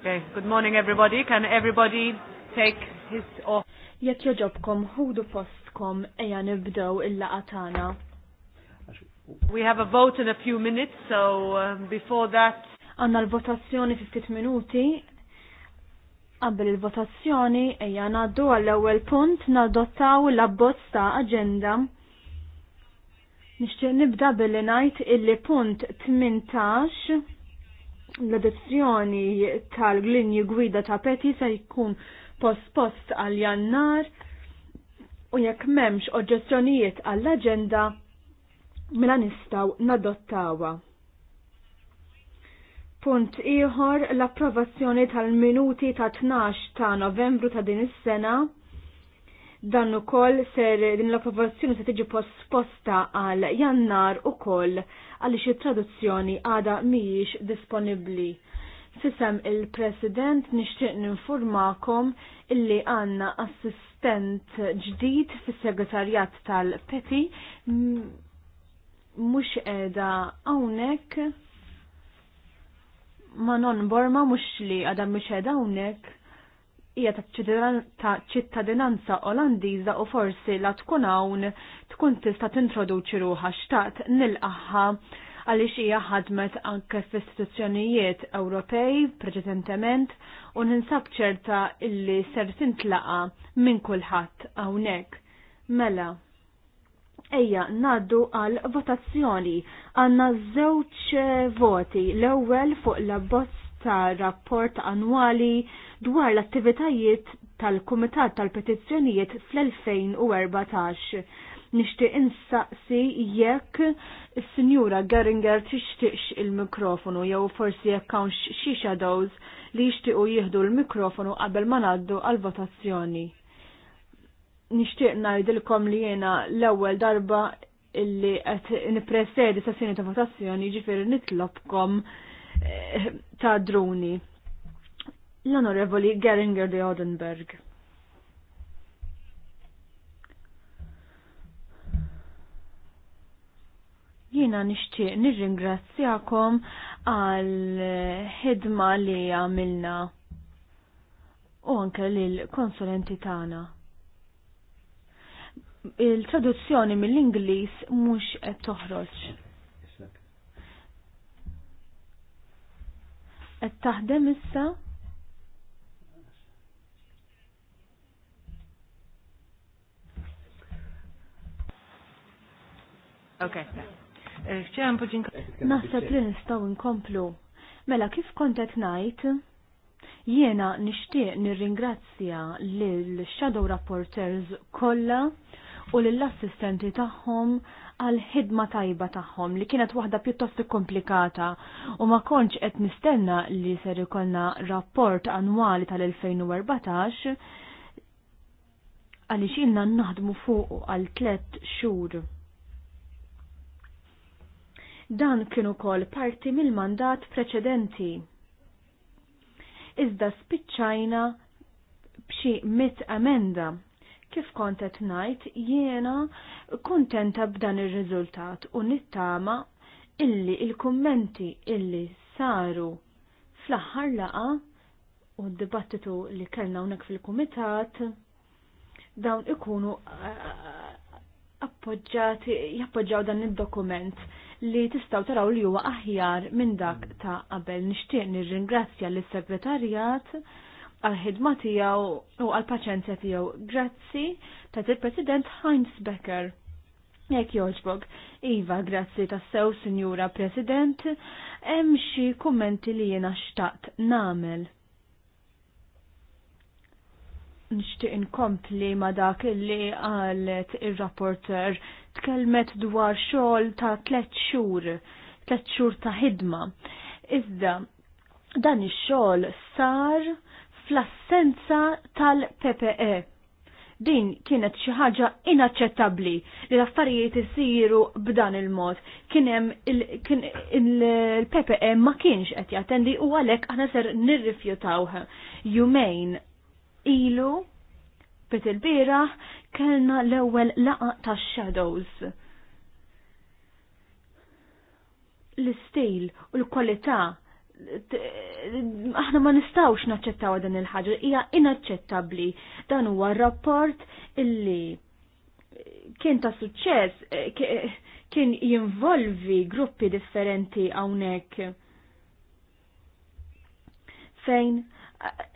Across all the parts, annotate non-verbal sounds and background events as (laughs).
Okay, good morning everybody. Can everybody take his off? Jekk joġobkom ħudu postkom eja nibdew il-laqa tagħna. We have a vote in a few minutes, so uh, before that Għanna l-votazzjoni fi minuti. Qabel il-votazzjoni eja ngħaddu għall-ewwel punt nadottaw l-abbozz ta' aġenda Nixtieq nibda billi ngħid illi punt 18 l-edizzjoni tal-glinji gwida ta' peti se jkun post-post għal jannar u jekk memx oġġezzjonijiet għall-aġenda mela nistaw nadottawa. Punt ieħor l-approvazzjoni tal-minuti ta' 12 ta' Novembru ta' din is-sena dan ukoll ser din l-approvazzjoni se tiġi posposta għal jannar ukoll għaliex it-traduzzjoni għada mhijiex disponibbli. S'isem il-President nixtieq ninformakom illi għanna assistent ġdid fis-Segretarjat tal-Peti mhux edha hawnhekk ma non borma mhux li għadha mux edha hawnhekk hija ta' ċittadinanza Olandiża u forsi la tkun hawn tkun tista' tintroduċi ruħa xtaqt nilqaħħa għaliex hija ħadmet anke f'istituzzjonijiet Ewropej preċedentement u ninsab ċerta illi ser tintlaqa minn kulħadd hawnhekk. Mela, Ejja, naddu għal votazzjoni. Għanna żewġ voti. L-ewwel fuq l-abbozz ta' rapport annwali dwar l-attivitajiet tal-Kumitat tal-Petizzjonijiet fl-2014. Nixtieq insaqsi jekk is-Sinjura Geringer tixtiqx il-mikrofonu jew forsi jekk hawnx xi shadows li jixtiequ jieħdu l-mikrofonu qabel ma ngħaddu għall-votazzjoni. Nixtieq ngħidilkom li jiena l-ewwel darba illi qed nippresedi sessjoni ta' votazzjoni ġifieri nitlobkom eh, ta' druni l-Onorevoli Geringer de Odenberg. Jina nixtieq nirringrazzjakom għal ħidma li għamilna u anke lil konsulenti tagħna. Il-traduzzjoni mill-Ingliż mhux qed toħroġ. Qed taħdem issa? Okay. Eh, chciałam podziękować. Naħseb li nistgħu nkomplu. Mela kif kontet najt? Jiena nixtieq nirringrazzja l Shadow Rapporters kollha u lill assistenti tagħhom għal ħidma tajba tagħhom li kienet waħda pjuttost komplikata u ma kontx qed nistenna li ser ikollna rapport annwali tal-2014 għaliex ilna naħdmu fuq għal tliet xhur. Dan kienu kol parti mill-mandat preċedenti. Iżda spiċċajna b'xi mit amenda. Kif kontet najt jiena kontenta b'dan ir-riżultat u nittama illi il-kummenti illi saru fl-aħħar laqa u d-dibattitu li kellna unek fil-kumitat dawn ikunu eh, eh, eh, appoġġati jappoġġaw dan id-dokument li tistaw taraw li huwa aħjar minn dak ta' qabel. Nixtieq nirringrazzja lis-segretarjat għal-ħidma tiegħu u għal-paċenzja tiegħu. Grazzi ta' il-President Heinz Becker. Jek joġbog, Iva, grazzi tas-sew, Signora President, hemm xi kummenti li jiena xtaqt namel nishtiq inkompli ma dak li għalet il-rapporter tkellmet dwar xogħol ta' tlet xhur, tlet xhur ta' ħidma. Iżda dan ix-xogħol sar fl-assenza tal-PPE. Din kienet xi ħaġa inaċċettabbli li l-affarijiet isiru b'dan il-mod. Kien hemm il-PPE ma kienx qed jattendi u għalhekk aħna ser nirrifjutawh jumejn ilu bit il-bira kellna l-ewwel laqa tax-shadows. L-istil u l-kwalità aħna ma nistawx naċċettaw dan il-ħaġa, hija inaċċettabbli. Dan huwa rapport illi kien ta' suċċess, kien jinvolvi gruppi differenti hawnhekk. Fejn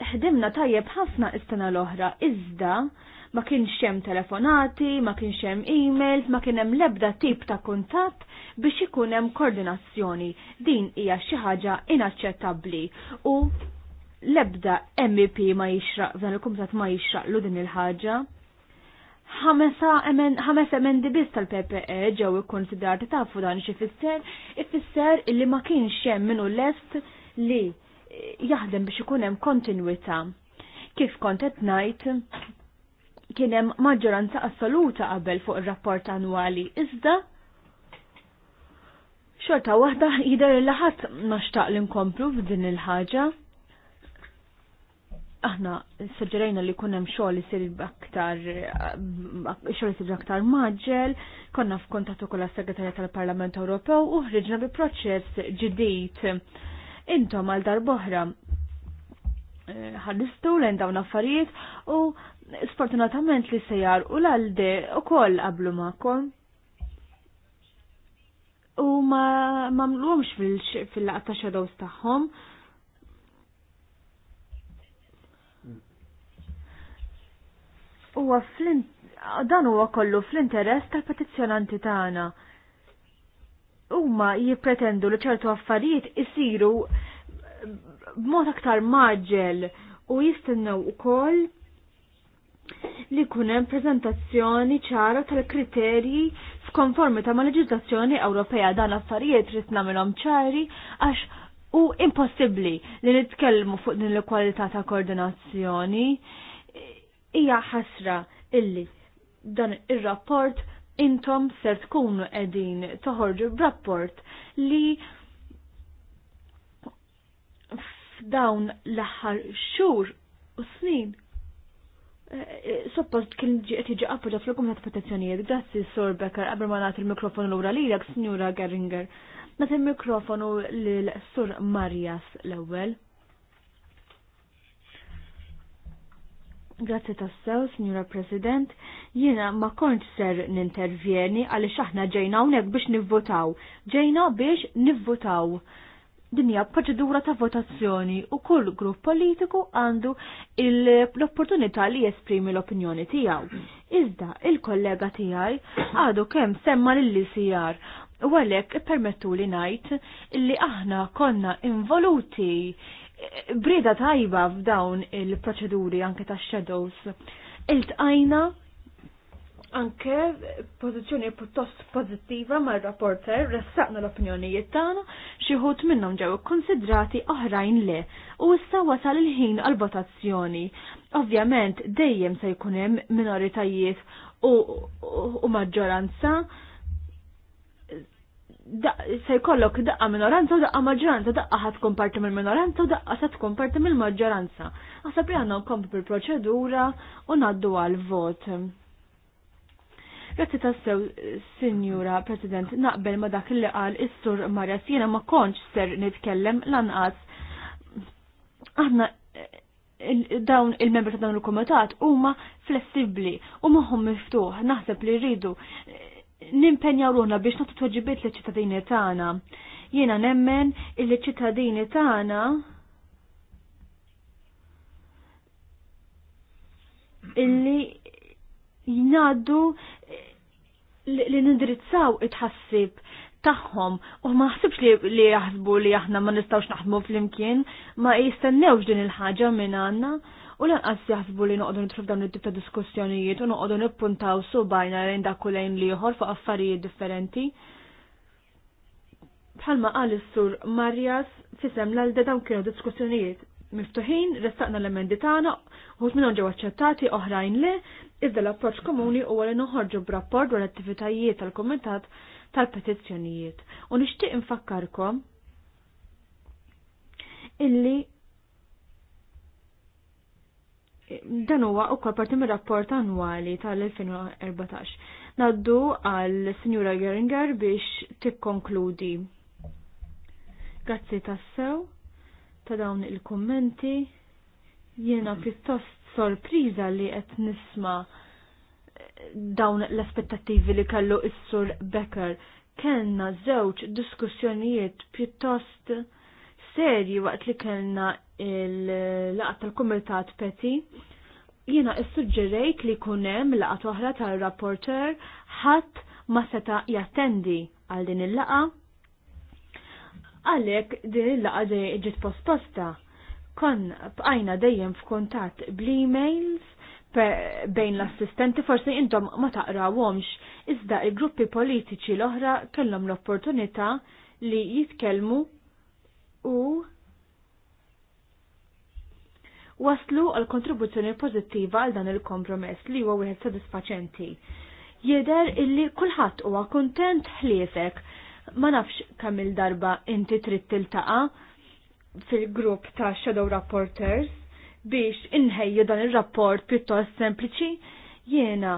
ħdimna tajjeb ħafna istana l-oħra, iżda ma kienx hemm telefonati, ma kienx hemm emails, ma kien hemm l-ebda tip ta' kuntatt biex ikun hemm koordinazzjoni. Din hija xi ħaġa inaċċettabbli u l-ebda MEP ma jixraq dan il-kumtat ma jixraq lu din il-ħaġa. Ħames emendi biss tal-PPE ġew ikkonsidrati tafu dan xi fisser, ifisser illi ma kienx hemm minnu lest li jaħdem biex ikun hemm kontinwità. Kif kont qed ngħid, kien hemm maġġoranza assoluta qabel fuq ir-rapport annwali, iżda xorta waħda (laughs) jidher li ħadd naxtaq li nkomplu f'din il-ħaġa. Aħna suġġerejna li kun hemm xogħol isir aktar xogħol isir aktar maġġel, konna f'kontattu kol segretarja tal-Parlament Ewropew u ħriġna bi proċess ġdid intom għal darboħra eh, ħannistu l dawn affarijiet u sfortunatament li sejjar u l-għalde u koll qablu ma'kom. U ma mamluwomx fil-laqta shadows tagħhom. U dan huwa kollu fl-interess tal-petizzjonanti tagħna. Ta huma jippretendu li ċertu affarijiet isiru b'mod aktar maġġel u jistennew ukoll li kunem prezentazzjoni ċara tal-kriterji f'konformità ma' leġislazzjoni Ewropea dan affarijiet rrid nagħmilhom ċari għax u impossibbli li nitkellmu fuq din l-kwalità ta' koordinazzjoni hija ħasra illi dan ir-rapport intom ser tkunu edin toħorġu b'rapport li f'dawn l-aħħar xhur u snin eh, eh, Suppost kien ġiet jiġi appoġġa fl-Kumitat Petizzjonijiet, grazzi Sur Becker qabel ma nagħti il-mikrofonu lura lilek, Sinjura Geringer. Nagħti il-mikrofonu lil Sur Marjas l-ewwel. Grazzi tassew, Signora President. Jiena ma konċ ser nintervjeni għalli xaħna ġejna unek biex nivvotaw. Ġejna biex nivvotaw. Dinja proċedura ta' votazzjoni u kull grupp politiku għandu l-opportunità li jesprimi l-opinjoni tijaw. Iżda, il-kollega tijaj għadu kem semma l-LCR u għalek permettu li najt li aħna konna involuti breda tajba f'dawn il-proċeduri anke ta' shadows. Il-tajna anke pożizzjoni pjuttost pożittiva mar rapporter ressaqna l-opinjonijiet tagħna xi ħut minnhom ġew ikkonsidrati oħrajn le u issa wasal il-ħin għal votazzjoni. Ovvjament dejjem se jkun hemm minoritajiet u, u, u maġġoranza se jkollok daqqa minoranza u daqqa maġġoranza, daqqa ħad tkun parti mill-minoranza u daqqa se tkun parti mill-maġġoranza. Għasab li għandna nkomplu bil-proċedura u ngħaddu għal-vot. Grazzi tassew, Sinjura President, naqbel ma dak li qal is-sur Marjas jiena ma konċ ser nitkellem lanqas. Aħna dawn il-membri ta' dawn il-komitat huma flessibbli u moħħom miftuħ, naħseb li rridu nimpenjaw ruħna biex nagħtu tweġibiet liċ ċittadini tagħna. Jiena nemmen il-li ċittadini tagħna illi jnaddu li nindrizzaw it-ħassib taħħom u ma ħsibx li jaħsbu li aħna ma nistawx naħdmu flimkien imkien ma jistennewx din il-ħaġa minn għanna U lanqas jaħsbu li noqogħdu nitru f'dawn id-tip ta' diskussjonijiet u noqogħdu nippuntaw subajna lejn dak kulejn li ieħor fuq affarijiet differenti. Bħalma qal is-sur Marjas fisem l-għalde dawn kienu diskussjonijiet miftuħin, restaqna l-emendi tagħna, uħut minnhom ġew aċċettati oħrajn le, iżda l-approċċ komuni huwa li noħorġu b'rapport dwar attivitajiet tal-kumitat tal-petizzjonijiet. U nixtieq infakkarkom illi Dan huwa wkoll parti mir-rapport annwali tal-2014. Naddu għal Sinjura Geringer biex tikkonkludi. Grazzi tassew ta' dawn il-kommenti. Jiena pjuttost sorpriża li qed nisma' dawn l-aspettattivi li kellu is-sur Becker kellna żewġ diskussjonijiet pjuttost serji waqt li kellna il-laqat tal-Kumitat Peti, jiena issuġġerejt li kunem laqat oħra tal-rapporter ħadd ma seta jattendi għal din il-laqa. Għalek din il-laqa ġiet posposta. Kon bqajna dejjem f'kuntatt bl-emails bejn l-assistenti forsi intom ma taqrawhomx, iżda il-gruppi politiċi l-oħra kellhom l-opportunità li jitkellmu u waslu għal kontribuzzjoni pozittiva għal dan il-kompromess li huwa wieħed sodisfaċenti. Jeder illi kulħadd huwa kuntent ħliesek ma nafx kemm il-darba inti trid tiltaqa' fil-grupp ta' Shadow Rapporters biex inħejju dan ir-rapport pjuttost sempliċi jiena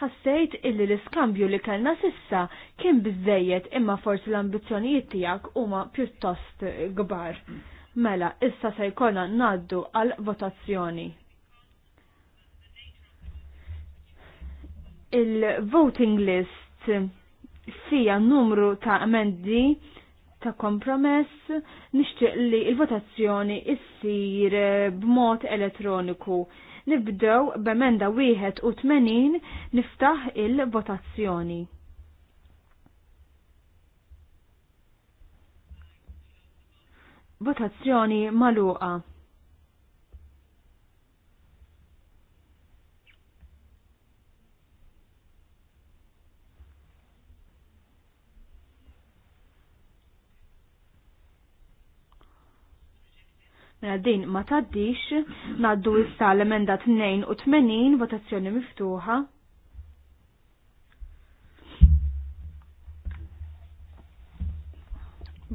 ħassejt illi l-iskambju li kellna sissa kien biżejjed imma forsi l-ambizzjonijiet tiegħek huma pjuttost kbar. Mela, issa se jkollna naddu għal votazzjoni. Il-voting list fija numru ta' amendi ta' kompromess nixtieq li l votazzjoni issir b'mod elettroniku. Nibdew b'emenda 81 niftaħ il-votazzjoni. Votazzjoni maluqa. Mela din ma taddix, naddu issa l-emenda 82 votazzjoni miftuħa.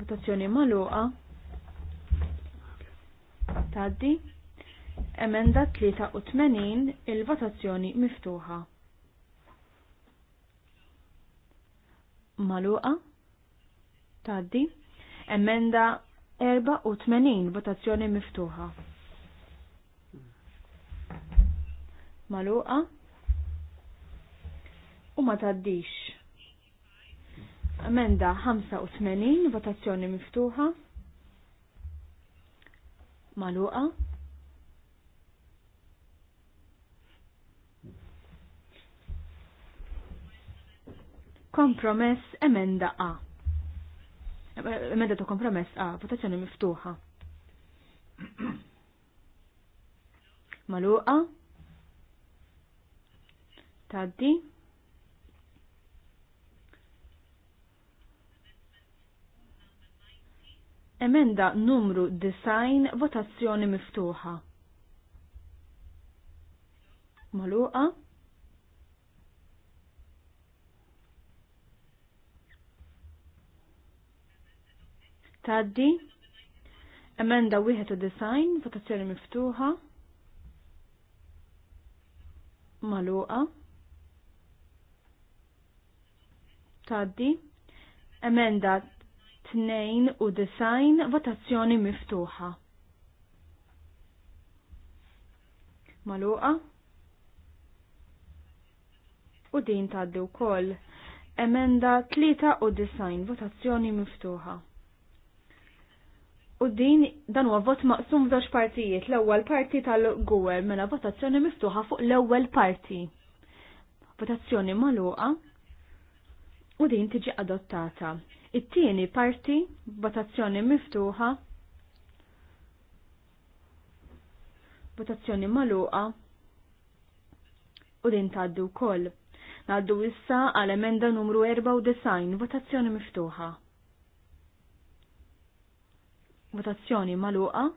Votazzjoni maluqa. Taddi. Emenda 83 il-votazzjoni miftuħa. Maluqa. Taddi. Emenda 84 votazzjoni miftuħa. Maluqa. U ma taddix. Emenda 85 votazzjoni miftuħa maluqa. Kompromess emenda A. Emenda ta' kompromess A, votazzjoni miftuħa. Maluqa. Taddi. Emenda numru design votazzjoni miftuħa. Maluqa. Taddi. Emenda wieħed u design votazzjoni miftuħa. Maluqa. Taddi. Emenda tnejn u design votazzjoni miftuħa. Maluqa? U din taddi wkoll. Emenda tlita u design votazzjoni miftuħa. U din dan huwa vot maqsum f'żewġ partijiet. L-ewwel parti tal-gwer mela votazzjoni miftuħa fuq l-ewwel parti. Votazzjoni magħluqa u din tiġi adottata. It-tieni parti, votazzjoni miftuħa, votazzjoni maluqa u din taddu wkoll. Naddu issa għal emenda numru 94, votazzjoni miftuħa. Votazzjoni maluqa.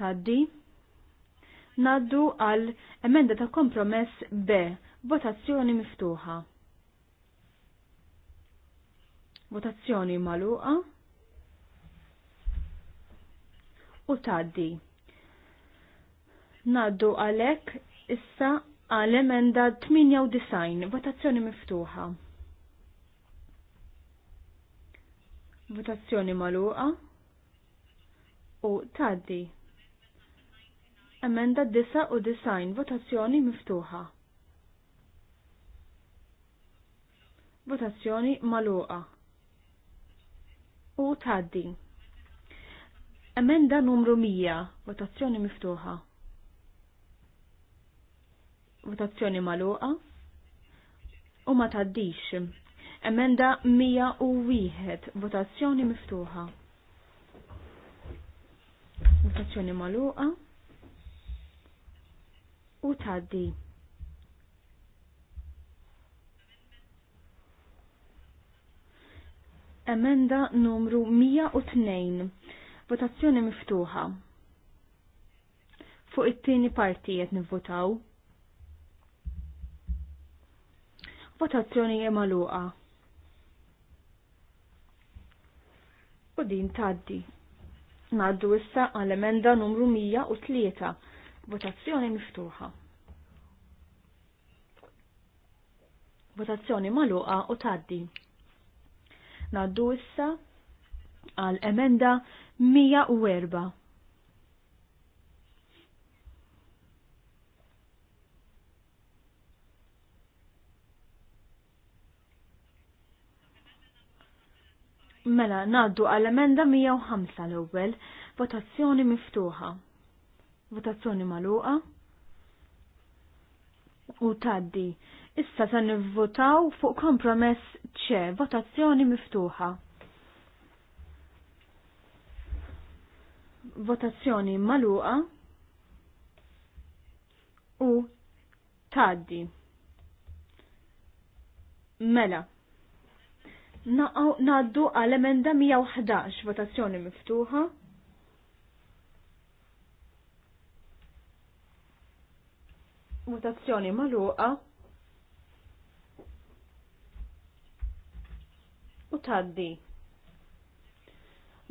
Taddi. Naddu għal emenda ta' kompromess B, votazzjoni miftuħa. Votazzjoni maluqa. U taddi. Naddu għalek issa għal emenda 98, votazzjoni miftuħa. Votazzjoni maluqa u taddi. Emenda 99, votazzjoni miftuħa. Votazzjoni maluqa u tħaddi. Emenda numru 100, votazzjoni miftuħa. Votazzjoni magħluqa u ma tgħaddix. Emenda 101, votazzjoni miftuħa. Votazzjoni magħluqa u tħaddi. Emenda numru 102. Votazzjoni miftuħa. Fuq it-tieni parti qed nivvotaw. Votazzjoni emaluqa. magħluqa. U din tgħaddi. Ngħaddu issa għal emenda numru 103. Votazzjoni miftuħa. Votazzjoni magħluqa u tgħaddi. Naddu issa għal emenda 104. Mela, naddu għal emenda 105 l-ewwel, votazzjoni miftuħa. Votazzjoni maluqa. U taddi Issa se nivvotaw fuq kompromess ċe, votazzjoni miftuħa. Votazzjoni maluqa u taddi. Mela. Naddu għal emenda 111 votazzjoni miftuħa. Votazzjoni maluqa. taddi.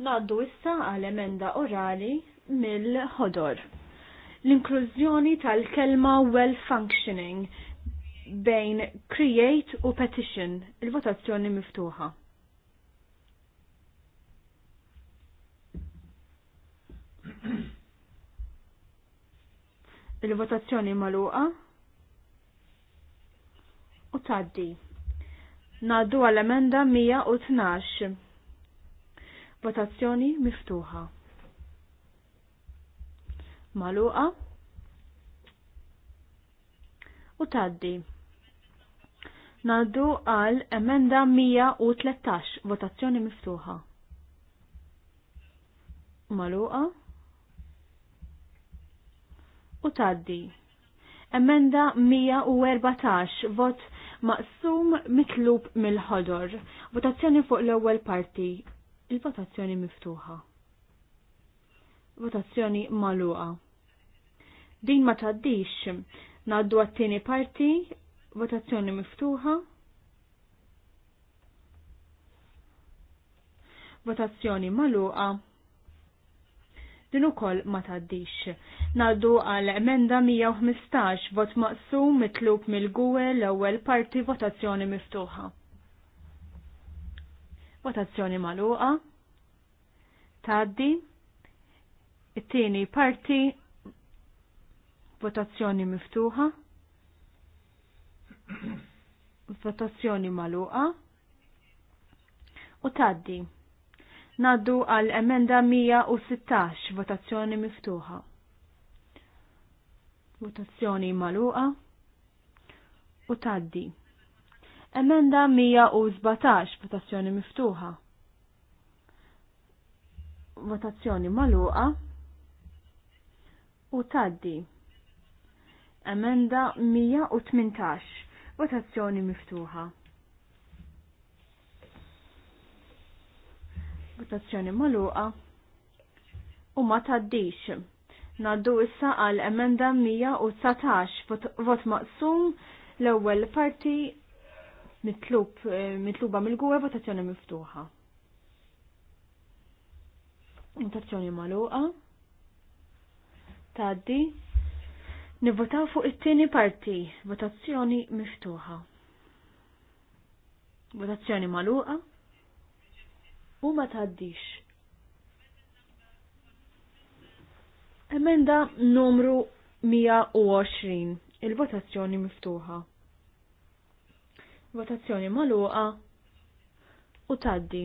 Naddu issa għal emenda orali mill-ħodor. L-inklużjoni tal-kelma well functioning bejn create u petition, il-votazzjoni miftuħa. Il-votazzjoni maluqa u taddi. Naddu għall-emenda 112. Votazzjoni miftuħa. Maluqa. U taddi. Naddu għal emenda 113. Votazzjoni miftuħa. Maluqa. U taddi. Emenda 114. Vot maqsum mitlub mill-ħodor. Votazzjoni fuq l-ewwel parti. Il-votazzjoni miftuħa. Votazzjoni maluqa. Din ma taddix. Naddu għat-tieni parti, votazzjoni miftuħa. Votazzjoni maluqa din ukoll ma taddix. Naddu għal emenda 115 vot maqsum mitlub mill-gwe l-ewwel parti votazzjoni miftuħa. Votazzjoni magħluqa. Taddi. It-tieni parti votazzjoni miftuħa. Votazzjoni magħluqa. U taddi. Naddu għal emenda 116 votazzjoni miftuħa. Votazzjoni maluqa u taddi. Emenda 117 votazzjoni miftuħa. Votazzjoni maluqa u taddi. Emenda 118 votazzjoni miftuħa. votazzjoni maluqa u ma taddix. Naddu issa għal emenda 119 vot, vot maqsum l-ewwel parti mitlub eh, mitluba mill-gwe votazzjoni miftuħa. Votazzjoni maluqa. Taddi. Nivvotaw fuq it-tieni parti, votazzjoni miftuħa. Votazzjoni maluqa u ma taddix. Emenda numru 120. Il-votazzjoni miftuħa. Votazzjoni maluqa u taddi.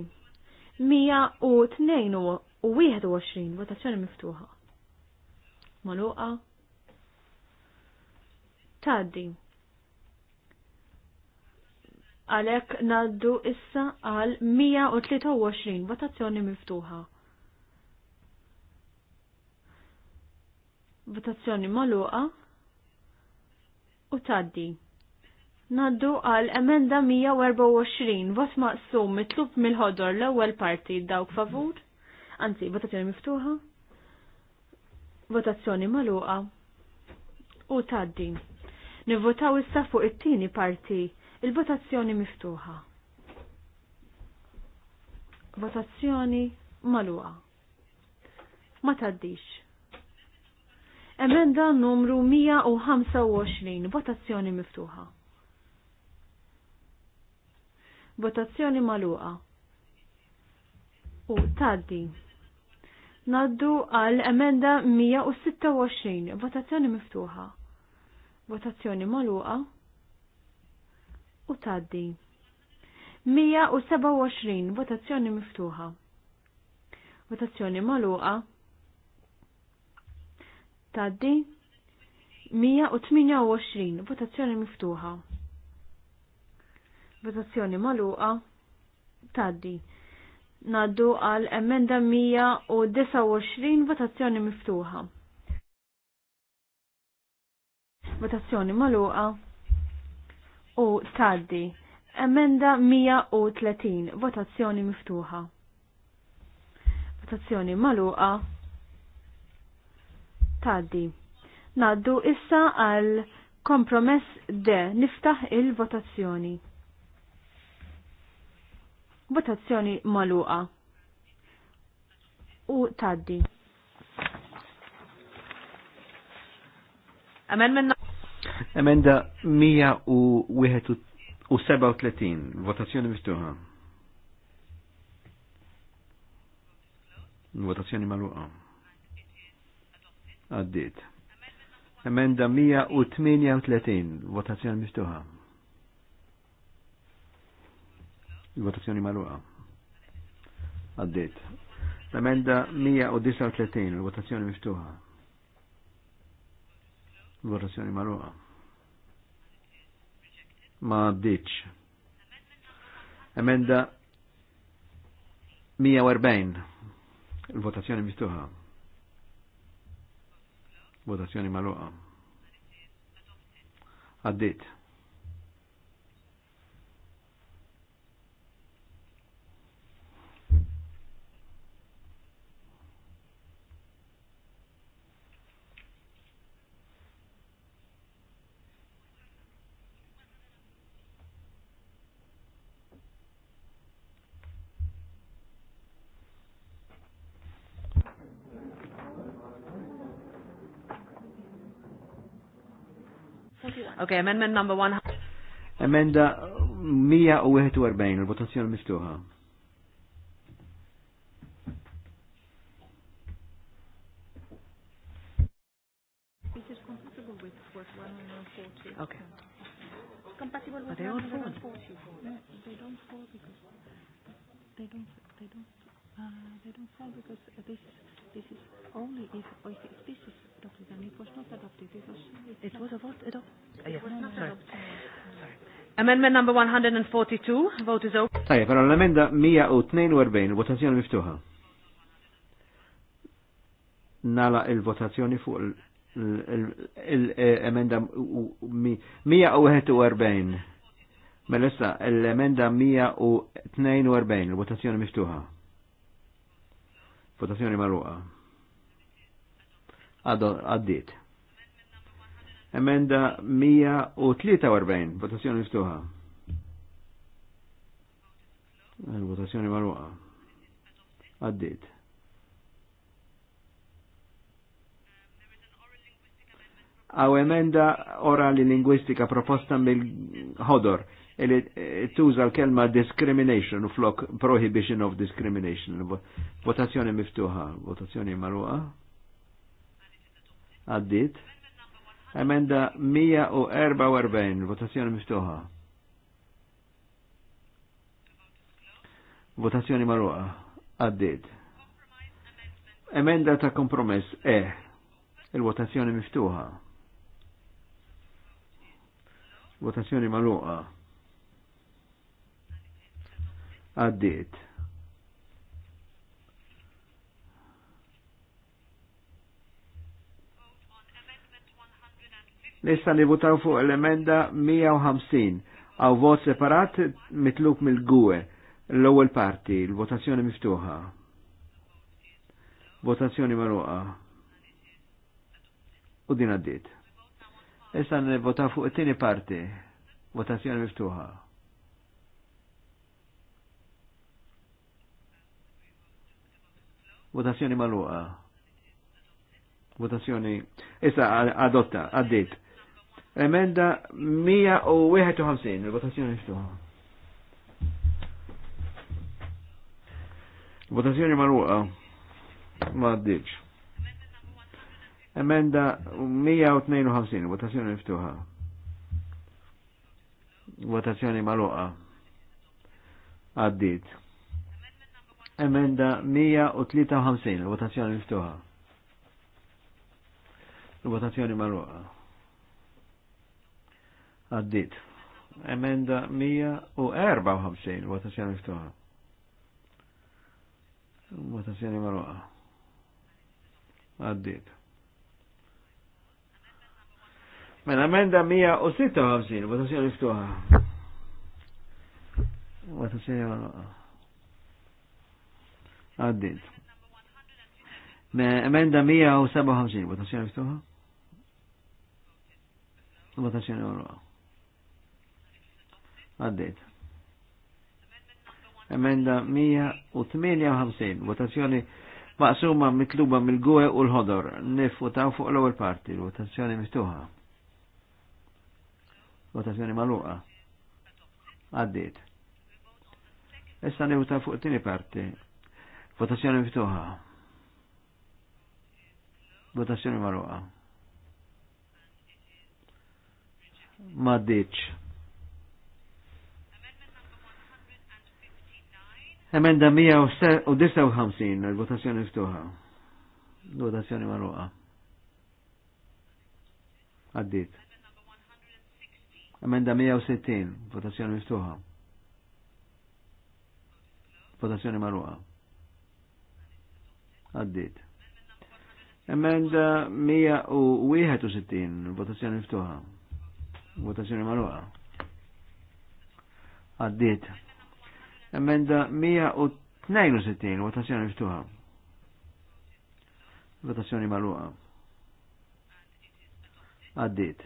122 votazzjoni miftuħa. Maluqa. Taddi għalek naddu issa għal 123 votazzjoni miftuħa. Votazzjoni maluqa u taddi. Naddu għal emenda 124 vot maqsum mitlub mill-ħodor l-ewwel parti dawk favur. Anzi, votazzjoni miftuħa. Votazzjoni maluqa u taddi. Nivvotaw issa fuq it-tieni parti Il-votazzjoni miftuħa. Votazzjoni maluqa. Ma taddix. Emenda numru 125, votazzjoni miftuħa. Votazzjoni maluqa. U taddi. Naddu għal emenda 126, votazzjoni miftuħa. Votazzjoni maluqa u taddi. 127 votazzjoni miftuħa. Votazzjoni maluqa. Taddi. 128 votazzjoni miftuħa. Votazzjoni maluqa. Taddi. Naddu għal emenda 129 votazzjoni miftuħa. Votazzjoni maluqa u taddi. Emenda 130, votazzjoni miftuħa. Votazzjoni maluqa. Taddi. Naddu issa għal kompromess D. Niftaħ il-votazzjoni. Votazzjoni maluqa. U taddi. Amendment Emenda 137, votazzjoni miftuħa. Votazzjoni maluqa. Għaddit. Emenda 138, votazzjoni miftuħa. Votazzjoni maluqa. Għaddit. Emenda 139, votazzjoni miftuħa. Votazzjoni maluqa ma għaddiċ. Emenda 140. Il-votazzjoni miftuħa. Votazzjoni maluqa. Għaddiċ. Ok, amendment number one. Amenda 141, il-votazzjoni miftuħa. Okay. Compatible with 140. They don't fall because they don't they don't uh, they don't fall because this This is only if, if this is adopted, and it was not adopted. It was, it was adopted. Uh, yes. It Sorry. Sorry. Amendment number 142, vote is open. Tajja, pero l-amenda 142, votazzjoni miftuħa. Nala il-votazzjoni fuq l-emenda 141. Melissa, l-emenda 142, votazzjoni miftuħa. Votazzjoni marruqa. Għaddit. Emenda 143, votazzjoni miftuħa. Votazzjoni marruqa. Għaddit. Għaw emenda orali lingwistika proposta mill-ħodor li tuża l-kelma discrimination u flok prohibition of discrimination. Votazzjoni miftuħa, votazzjoni marruqa. Għaddit. Emenda 144, votazzjoni miftuħa. Votazzjoni marruqa. Għaddit. Emenda ta' kompromess E. Il-votazzjoni miftuħa votazzjoni maluqa għaddiet. Nista votaw fuq l-emenda 150 għaw vot separat mitluk mill-gwe l-ewwel parti, l-votazzjoni miftuħa. Votazzjoni marruqa. U din għaddit. Issa votaw fuq it-tieni parti, votazzjoni miftuħa. Votazzjoni maluqa. Votazzjoni. Issa adotta, għaddit. Emenda 151, il-votazzjoni ftuħa. Votazzjoni maluqa. Ma għaddiċ. Emenda 152, votazzjoni ftuħa. Votazzjoni marruqa. Għaddiċ. Emenda 153, votazzjoni miftuħa. Votazzjoni marruqa. Għaddit. Emenda 154, votazzjoni miftuħa. Votazzjoni marruqa. Għaddit. Mela emenda 156, votazzjoni miftuħa. Votazzjoni marruqa. Għaddit. Emenda 157, votazzjoni Bota Votazzjoni orwa. Għaddit. Emenda 158, votazzjoni maqsuma mitluba mill-gwe u l-ħodor. Nifutaw fuq l-ewwel parti, votazzjoni miftuħa. Votazzjoni maluqa. Għaddit. Issa nifutaw fuq tini parti, Votazzjoni miftuħa. Votazzjoni marruqa. Ma ditx. Emenda 159, il-votazzjoni miftuħa. Votazzjoni marruqa. Għaddit. Emenda 160, votazzjoni miftuħa. Votazzjoni marruqa. Għaddit. Emenda 161, votazzjoni ftuħa. Votazzjoni marruħa. Għaddit. Emenda 162, votazzjoni ftuħa. Votazzjoni marruħa. Għaddit.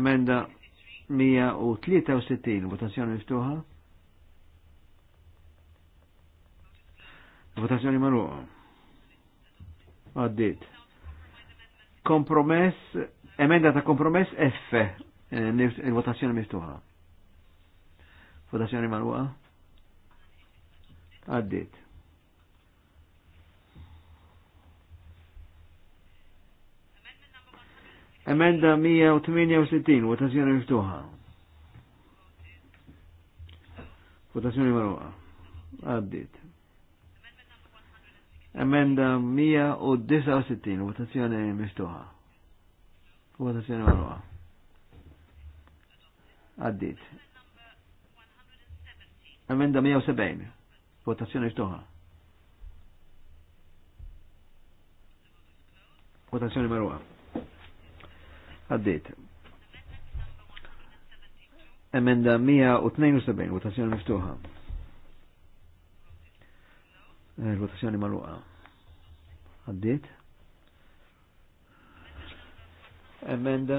Emenda 163, votazzjoni ftuħa. Votazzjoni marruqa. Għaddit. Kompromess, emenda ta' kompromess F, eh, il-votazzjoni miftuħa. Votazzjoni marruqa. Għaddit. Emenda 168, votazzjoni miftuħa. Votazzjoni marruqa. Għaddit. Emenda 169, votazzjoni miftuħa. Votazzjoni marwa. Għaddit. Emenda 170, votazzjoni miftuħa. Votazzjoni marwa. Għaddit. Emenda 172, votazzjoni miftuħa. Il-votazzjoni mal maluqa. Għaddit. Emenda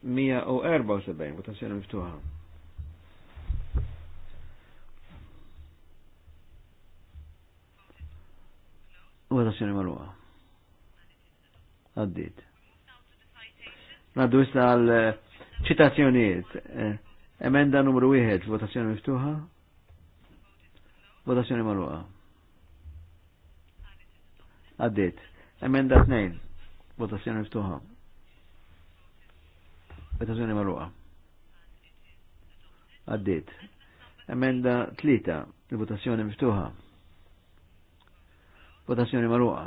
174, votazzjoni miftuħa. Votazzjoni mal maluqa. Għaddit. Naddu issa għal eh, ċitazzjoniet. Eh, emenda numru 1, votazzjoni miftuħa. Votazzjoni mal-uqa. maluqa. Għaddit. Emenda t-nejn, Votazzjoni ftuħa. Votazzjoni marruqa. Għaddit. Emenda t-lita, votazzjoni ftuħa. Votazzjoni marruqa.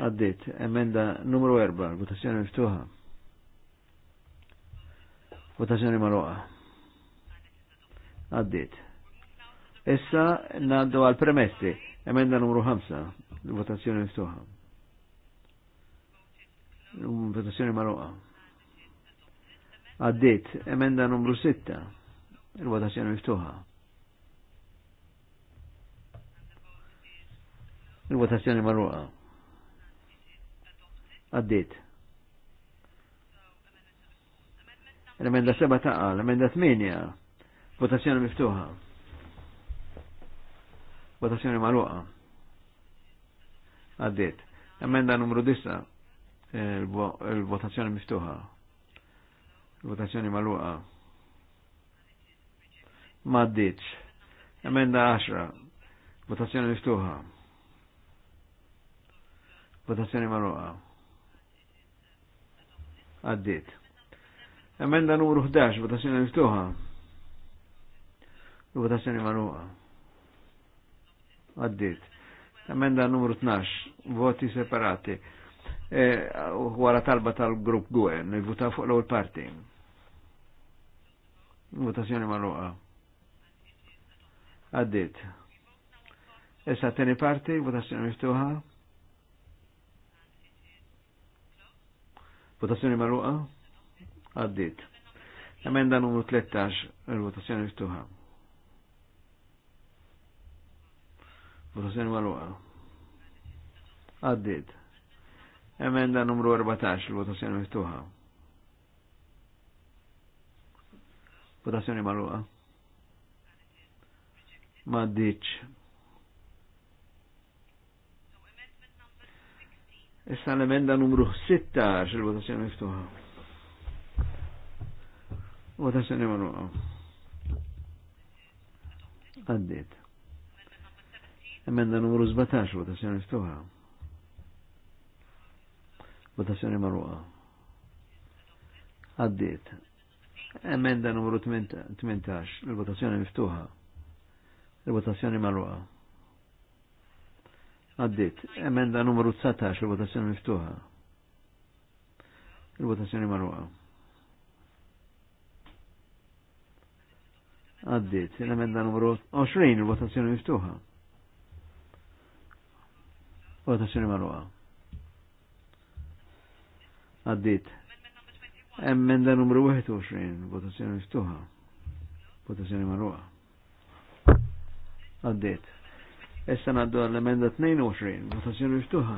Għaddit. Emenda numru 4. Votazzjoni ftuħa. Votazzjoni marruqa. Għaddit. Issa naddu għal premessi. Emenda numru 5, votazzjoni miftuħa. Um, votazzjoni marruqa. Għaddit, emenda numru 6, votazzjoni miftuħa. votazzjoni marruqa. Għaddit. L-emenda 7 taqa, l-emenda 8, votazzjoni miftuħa. Votazzjoni maluqa. Għaddit. Emenda numru 10, Il-votazzjoni miftuħa. Il-votazzjoni maluqa. Ma għaddit. Emenda 10. Votazzjoni miftuħa. Votazzjoni maluqa. Għaddit. Emenda numru 11. Votazzjoni miftuħa. Votazzjoni maluqa għaddit. Emenda numru 12, voti separati. Għara e, talba tal-grupp għuen, votaw fuq l għol parti. Votazzjoni marruqa. Għaddit. Issa t teni parti, votazzjoni miftuħa. Votazzjoni marruqa. Għaddit. Emenda numru 13, il-votazzjoni miftuħa. Votazzjoni maluqa. Għaddit. Emenda numru 14, l-votazzjoni miftuħa. Votazzjoni maluqa. Ma ddiċ. Issa l-emenda numru 16, il-votazzjoni miftuħa. Votazzjoni maluqa. Għaddit. Emenda numru 17, votazzjoni ftuħa. Votazzjoni marruqa. Għaddiet. Emenda numru 18, il-votazzjoni miftuħa. Il-votazzjoni marruqa. Għaddiet. Emenda numru 19, il-votazzjoni miftuħa. Il-votazzjoni marruqa. Għaddiet. L-emenda numru 20, il-votazzjoni miftuħa. Votazzjoni marwa. Għaddit. Emmen da' numru 21, votazzjoni miftuħa. Votazzjoni marwa. Għaddit. Issa naddu għall-emenda 22, votazzjoni miftuħa.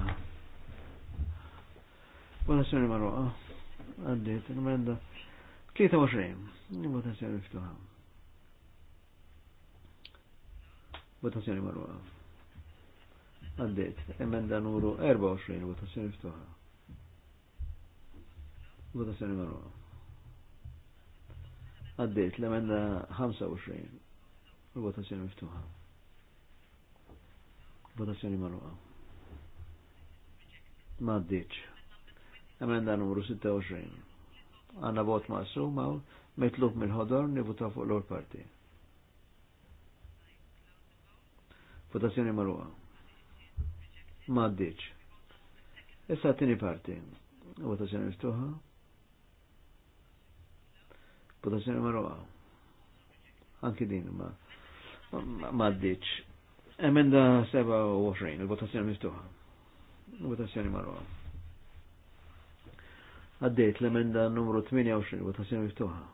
Votazzjoni marwa. Għaddit. Emenda 23, votazzjoni miftuħa. Votazzjoni marwa. Għaddit, emenda numru 24, votazzjoni ftuħa. Votazzjoni marruħa. Għaddit, l-emenda 25, votazzjoni miftuħa. Votazzjoni marwa. Ma għaddit. Emenda numru 26. Għanna vot ma' s-summa, mitlub mil ħodor nivutaw fuq l-or parti. Votazzjoni marwa maddiċ. Issa t-tini parti. Votazzjoni miftuħa. Votazzjoni marwa. Anki din ma maddiċ. Emenda 27, il-votazzjoni miftuħa. Votazzjoni marwa. Għaddejt l-emenda numru 28, il votazzjoni miftuħa.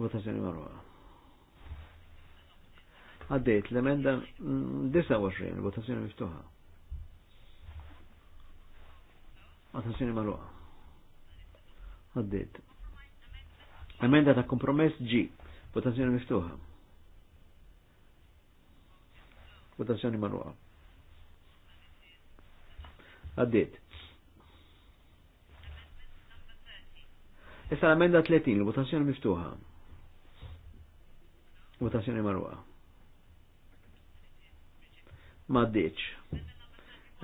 Votazzjoni marwa. Għaddejt l-emenda 29, mm, votazzjoni miftuħa. Votazzjoni marruqa. Għaddejt. Emenda ta' kompromess G, votazzjoni miftuħa. Votazzjoni marruqa. Għaddejt. Issa l-emenda 30, votazzjoni miftuħa. Votazzjoni marruqa ma ddiċ.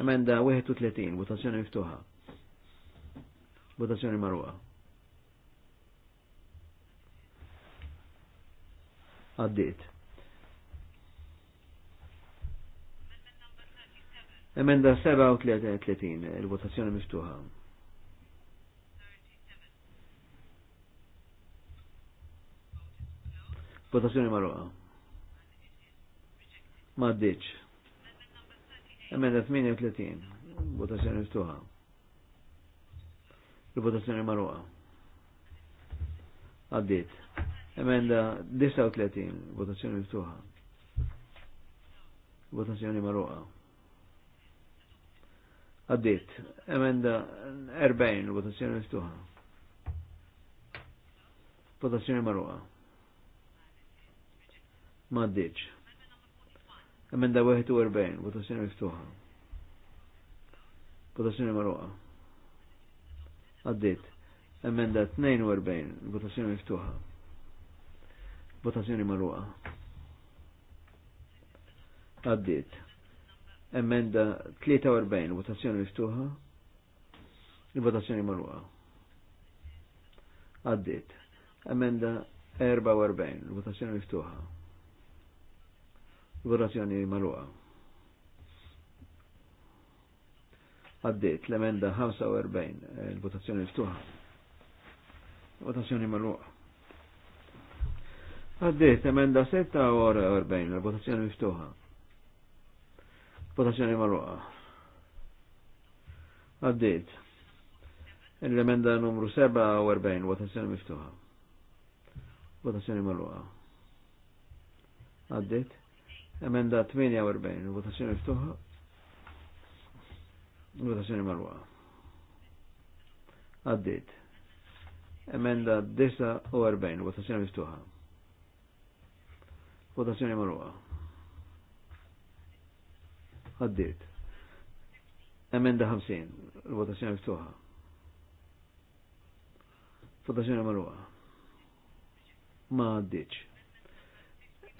Emenda 31, votazzjoni miftuħa. Votazzjoni marruqa. Għaddit. Emenda 37, il-votazzjoni miftuħa. Votazzjoni marruqa. Ma ddiċ. Emenda 38. Votazzjoni ftuħa. Il-votazzjoni marruqa. Għaddit. Emenda 39. Votazzjoni ftuħa. Votazzjoni marruqa. Għaddit. Emenda 40. Votazzjoni ftuħa. Votazzjoni marruqa. Ma għaddit. Emenda 41, votazzjoni miftuħa. Votazzjoni marruqa. Għaddit. Emenda 42, votazzjoni miftuħa. Votazzjoni marruqa. Għaddit. Emenda 43, votazzjoni miftuħa. Il-votazzjoni marruqa. Għaddit. Emenda 44, votazzjoni miftuħa Votazzjoni maluqa. Għaddit l-emenda 45, eh, il-votazzjoni ftuħa. Votazzjoni maluqa. Għaddit emenda 46, il-votazzjoni miftuħa. Votazzjoni maluqa. Għaddit. L-emenda numru 47, votazzjoni miftuħa. Votazzjoni maluqa. Għaddit Emenda 48, votazzjoni ftuħa. Votazzjoni marwa. Għaddit. Emenda 49, votazzjoni ftuħa. Votazzjoni marwa. Għaddit. Emenda 50, votazzjoni ftuħa. Votazzjoni marwa. Ma għaddit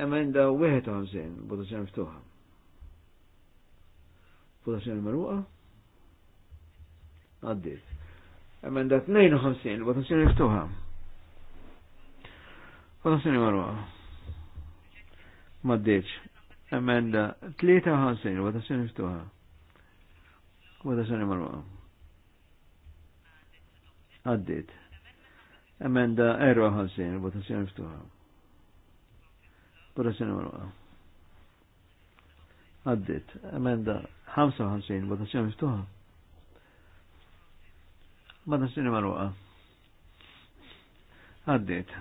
emenda 51, votazzjoni miftuħa. Votazzjoni marruqa? Għaddit. Emenda 52, votazzjoni miftuħa. Votazzjoni marruqa? Maddiċ. Emenda 53, votazzjoni miftuħa. Votazzjoni marruqa? Għaddit. Emenda 54, votazzjoni miftuħa. Votazzjoni marruqa. Għaddit, emenda 55, votazzjoni miftuħa. Votazzjoni marruqa. Għaddit.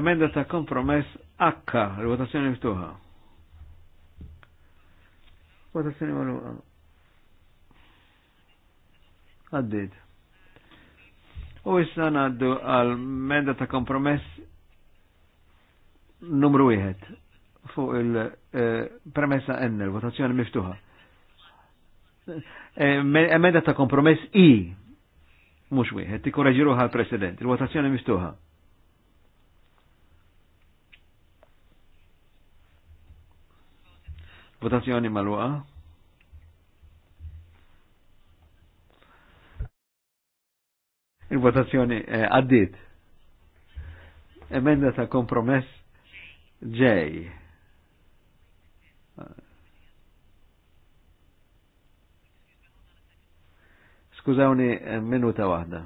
Emenda ta' kompromess H, votazzjoni miftuħa. Votazzjoni marruqa. Għaddit. U issa għaddu għal menda ta' kompromess numru wieħed fuq il-premessa eh, N, il-votazzjoni miftuħa. Eh, emenda ta' kompromess I, mux wieħed, tikkoraġi l president il-votazzjoni miftuħa. Votazzjoni mal-waqa. Il-votazzjoni eh, għaddit. emenda ta' kompromess J. Skużawni eh, minuta waħda.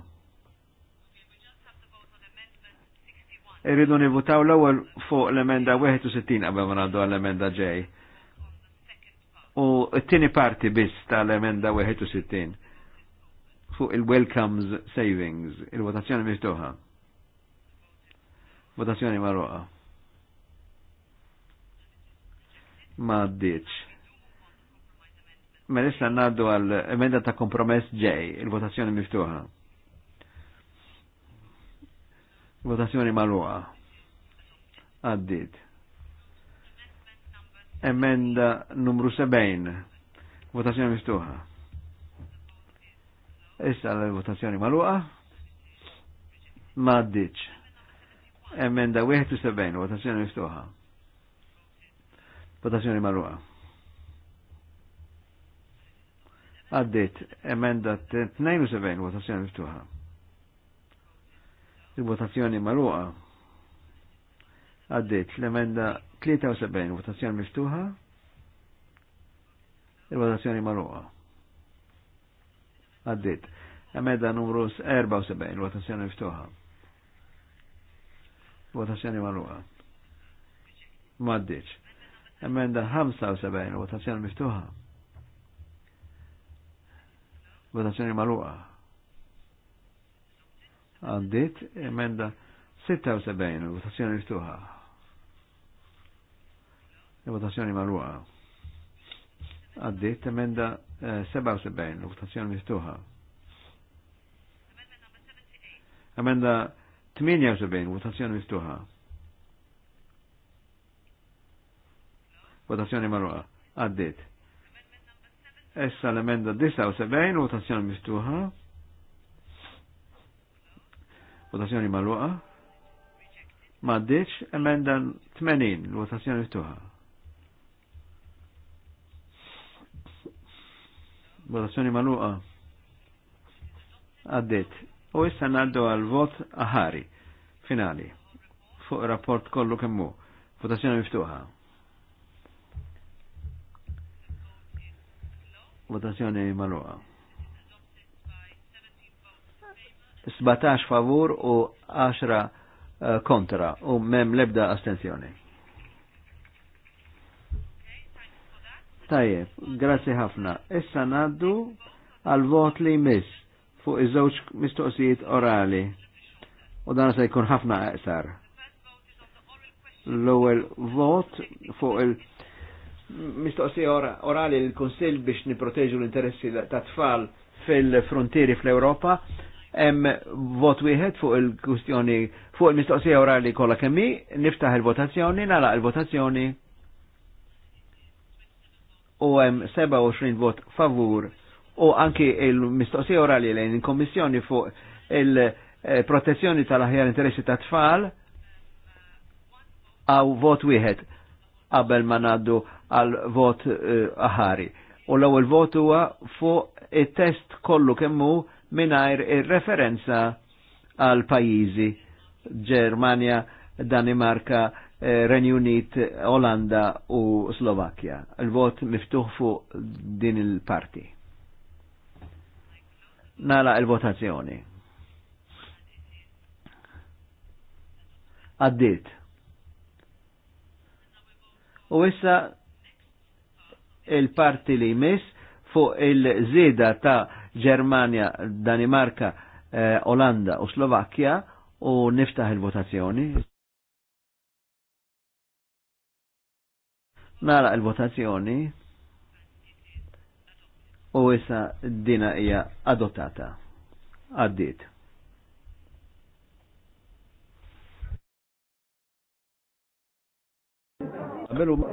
Irridu nivutaw l-ewwel fuq l-emenda 61 għabem għandu ngħaddu għall-emenda J. U t tini parti biss tal-emenda 61 fuq il-Welcomes Savings, il-votazzjoni miftuħa. Votazzjoni marruqa. ma għaddiċ. Ma mela issa ngħaddu għal emenda ta' kompromess ġej, il-votazzjoni miftuħa. Votazzjoni magħluqa. Għaddiet. Emenda numru 70. Votazzjoni miftuħa. Issa l-votazzjoni magħluqa. Ma għaddiċ. Emenda 71, votazzjoni miftuħa. Votazzjoni marruqa. Għaddit, emenda 72, votazzjoni miftuħa. Il-votazzjoni marruqa. Għaddit, l-emenda 73, votazzjoni miftuħa. Il-votazzjoni marruqa. Għaddit, emenda numru 74, votazzjoni miftuħa. Votazzjoni marruqa. Maddit. Emenda 75, votazzjoni miftuħa. Votazzjoni maluqa. Għaddit, emenda 76, votazzjoni miftuħa. Votazzjoni maluqa. Għaddit, emenda 77, eh, votazzjoni miftuħa. Emenda 78, votazzjoni miftuħa. votazzjoni marwa Għaddit. Essa l-emenda 79, votazzjoni mistuħa. Votazzjoni marwa. Ma għaddit, emenda 80, votazzjoni mistuħa. Votazzjoni marwa. Għaddit. U issa naddu għal vot aħari, finali, fuq rapport kollu kemmu, votazzjoni miftuħa. Votazzjoni maluqa. 17 favur u 10 eh, kontra u mem lebda astenzjoni. Tajje, grazie ħafna. Issa naddu għal vot li mis fuq iż-żewġ mistoqsijiet orali. U dan se jkun ħafna eqsar. L-ewwel vot fuq il- mistoqsija orali l-Konsil biex niproteġu l-interessi ta' tfal fil-frontieri fl-Europa, hemm vot wieħed fuq il-kustjoni fuq il-mistoqsija orali kollha kemmi, niftaħ il-votazzjoni, nala il-votazzjoni u hemm 27 vot favur u anki il-mistoqsija orali lejn il komissjoni fuq il-protezzjoni tal-aħjar interessi ta' tfal għaw vot wieħed qabel ma naddu għal vot eh, aħari. U l-ewwel vot huwa fuq it-test kollu kemmu mingħajr ir-referenza għal pajjiżi Ġermanja, Danimarka, eh, Renju Unit, Olanda u Slovakkja. Il-vot miftuħ fuq din il-parti. Nala il-votazzjoni. Għaddit. U issa il-parti li jmiss fuq il-żieda ta' Ġermania, Danimarka, eh, Olanda u Slovakkja u niftaħ il-votazzjoni. Nara il-votazzjoni u issa dina hija adottata. Addit. Thank you għamilu.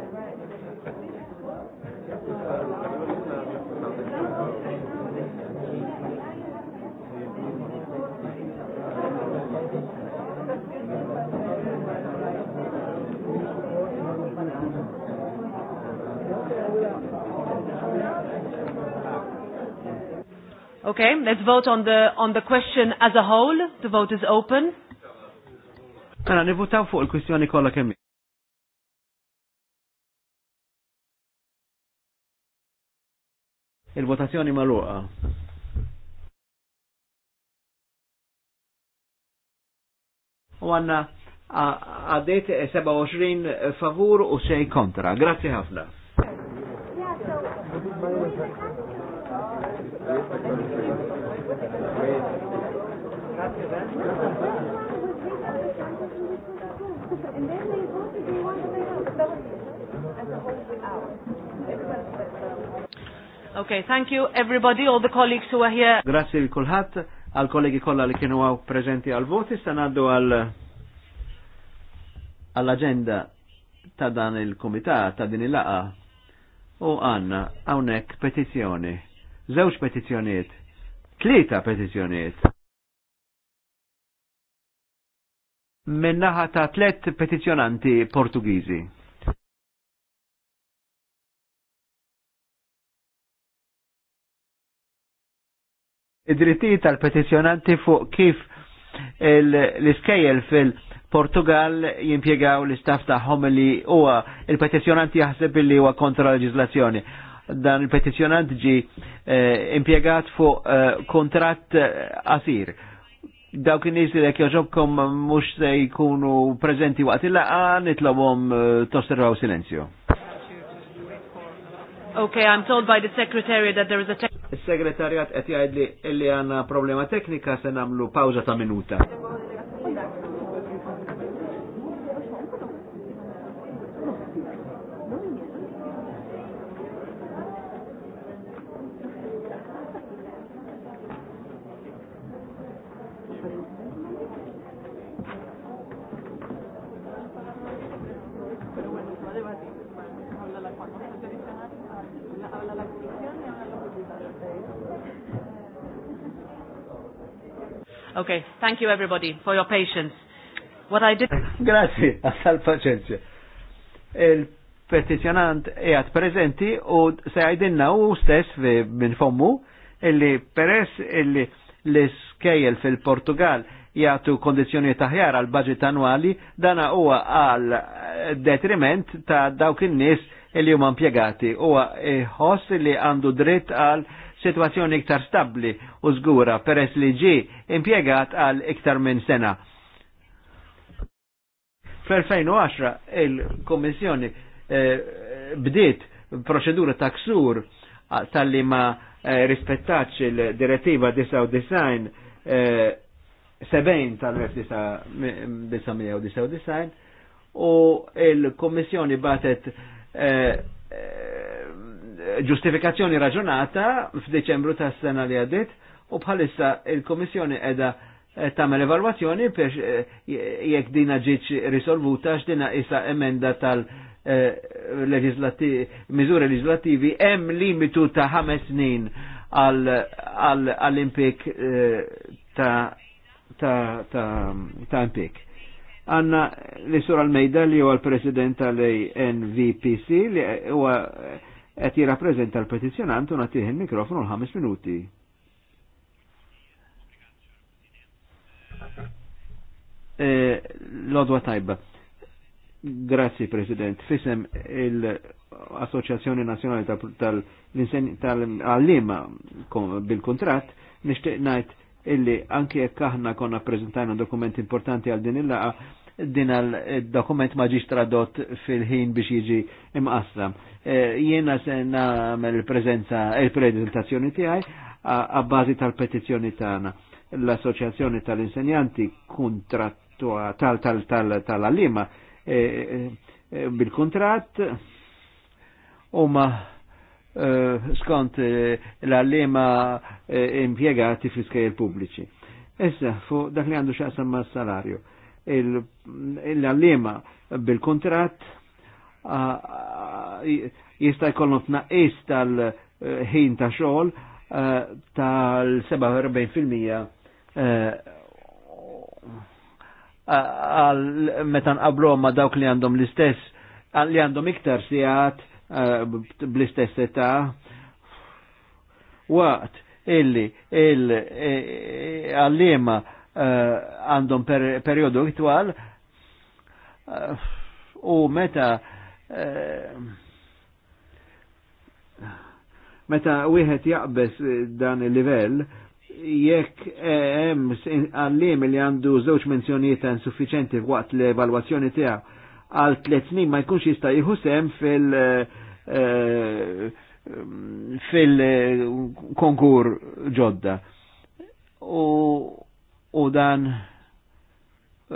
Okay, let's vote on the on the question as a whole. The vote is open. nivutaw fuq il-kwistjoni kollha kemm Il-votazzjoni maluqa. U għanna għaddejt 27 eh, eh, favur u 6 kontra. Grazie ħafna. And Okay, thank you everybody, all the colleagues who are here. Grazie il kulħat, għal kollegi kolla li kienu għaw prezenti għal voti, sanaddu għal għall-agenda ta' dan il komita ta' din il-laqa. U għanna, għawnek petizjoni, zewġ petizjoniet, tlieta petizjoniet. Minnaħa ta' tlet petizjonanti Portugiżi. id-drittijiet tal-petizjonanti fuq kif l-iskejjel fil-Portugal jimpiegaw l-istaff taħħom li huwa il-petizjonanti jaħseb li huwa kontra leġislazzjoni. Dan il-petizjonant ġi eh, impiegat fuq kontrat eh, kontratt eh, dawk in-nies li jekk mhux se jkunu preżenti waqt il-laqgħa nitlobhom tosterraw silenzju. Okay, I'm told by the secretary that there is a Il-segretarjat qed jgħid li għandna problema teknika se nagħmlu pawza ta' minuta. Thank you everybody for your patience. What I did... (laughs) Grazie, għassal paċenzja. Il-petizjonant jgħat prezenti u se għajdinna u stess minn fommu illi peress illi l skejl fil-Portugal jgħatu kondizjoni taħjar għal budget annuali dana huwa għal detriment ta' dawk in-nies illi huma impjegati. Huwa ħoss li għandu dritt għal situazzjoni iktar stabli u żgura peress li ġi impjegat għal iktar minn sena. Fl-2010 il komissjoni eh, bdiet proċedura ta' ksur tal-li ma eh, rispettax il-direttiva 99 eh, 70 tal-1999 u il komissjoni batet eh, eh ġustifikazzjoni raġunata f'Deċembru tas sena li għaddit u bħalissa il-Komissjoni edha eh, tagħmel evalwazzjoni biex eh, jekk dina ġietx risolvuta x'dina isa emenda tal- eh, miżuri leġislattivi hemm limitu ta' ħames snin għall-impik ta' ta' impik għanna li sura l-mejda li huwa l-president tal-NVPC li huwa qed jirrappreżenta l-petizzjonant u nagħtih il-mikrofonu l ħames minuti. l eh, Lodwa tajba. Grazzi, President. Fisem l assoċjazzjoni Nazjonali tal-Għallima tal bil-kontrat, nishtiq najt illi anki jekk aħna konna prezentajna dokument importanti għal din il-laqa, din eh, dokument dokument maġiġ tradott fil-ħin biex jiġi imqassam. Eh, jiena se namel il prezenza il-prezentazzjoni tiegħi għabbażi tal-petizzjoni tagħna. L-Assoċjazzjoni tal-Insenjanti kontrattua tal-tal-tal-tal-għalima eh, bil-kontrat u ma' skont l għalima impiegati fl iskajer pubbliċi. Issa, fu dak li għandu xaqsam ma' salarju l għallima bil-kontrat jista' jkollhom tnaqqis tal-ħin ta' xogħol tal-47% għal meta nqablu ma' dawk li għandhom l-istess li għandhom iktar sigħat bl-istess età waqt illi il-għallima il, Eh, għandhom per, periodu itwal eh, u meta eh, meta wieħed jaqbes dan il-livell jekk hemm għallim li għandu żewġ menzjonijiet insuffiċenti waqt l-evalwazzjoni tiegħu għal tliet snin ma jkunx jista' jieħu sehem fil- fil-konkur ġodda. U u dan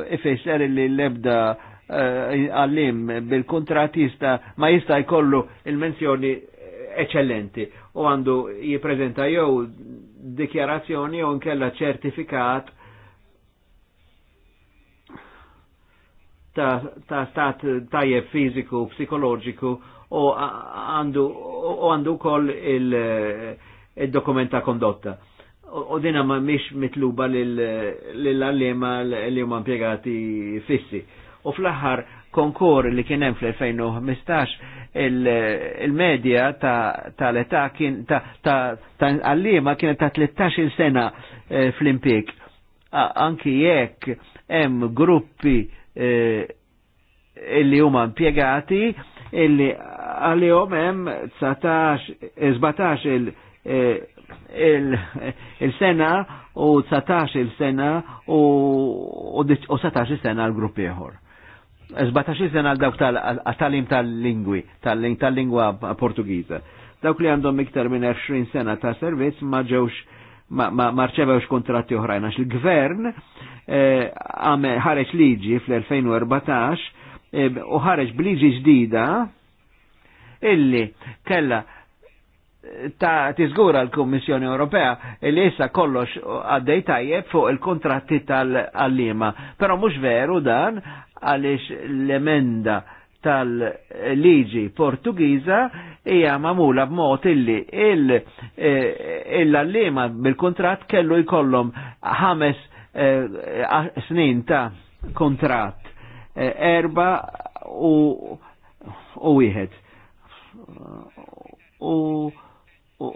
ifisser li l-ebda eh, għallim bil kontratista jista ma jista jkollu il-menzjoni eh, eccellenti u għandu jiprezenta jew dikjarazzjoni u nkella ċertifikat ta', ta stat tajjeb fiziku, psikoloġiku u għandu koll eh, il-dokumenta il dokumenta kondotta u dina ma miex mitluba l allema li huma impjegati fissi. U fl-aħħar konkor li kien hemm fl-2015 il-medja tal-età kien ta' allima kienet ta' 13 sena eh, fl-impjeg. Anki jekk hemm gruppi eh, illi huma impjegati illi għalihom hemm 17 eh, il il-sena u 19 il-sena u 17 il-sena għal-grupp ieħor. 17 sena għal dawk tal-talim tal-lingwi, tal-lingwa Portugiża. Dawk li għandhom iktar minn 20 sena ta' servizz ma ġewx ma rċevewx kontratti oħrajn għax il-gvern eh, ħareġ liġi fl-2014 eh, u ħareġ bliġi ġdida illi kella ta' tiżgura l-Kommissjoni Ewropea li issa kollox għaddej tajjeb fuq il-kontratti tal lima Però mhux veru dan għaliex l-emenda tal-liġi Portugiza hija magħmula b'mod illi l eh, lima bil kuntratt kellu jkollhom ħames eh, snin ta' kontratt eh, erba u wieħed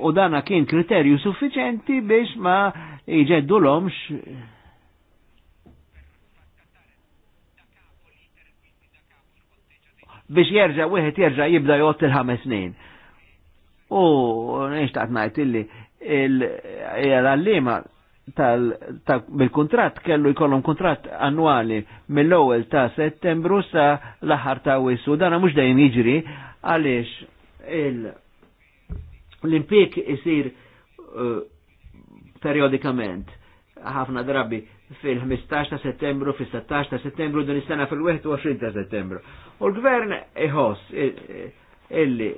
u dana kien kriterju suffiċenti biex ma iġeddu l-omx biex jerġa' wieħed jerġa' jibda jgħod il-ħames snin. U nixtaqt ngħid illi l-allima bil-kontrat kellu jkollhom kontrat annwali mill-ewwel ta' Settembru sa l-aħħar ta' Wissu. Dana mhux dejjem jiġri għaliex il- l-impik isir eh, periodikament ħafna drabi fil-15 ta' settembru, fil-16 ta' settembru, din is-sena fil-21 ta' settembru. U l-gvern iħoss eh, eh, illi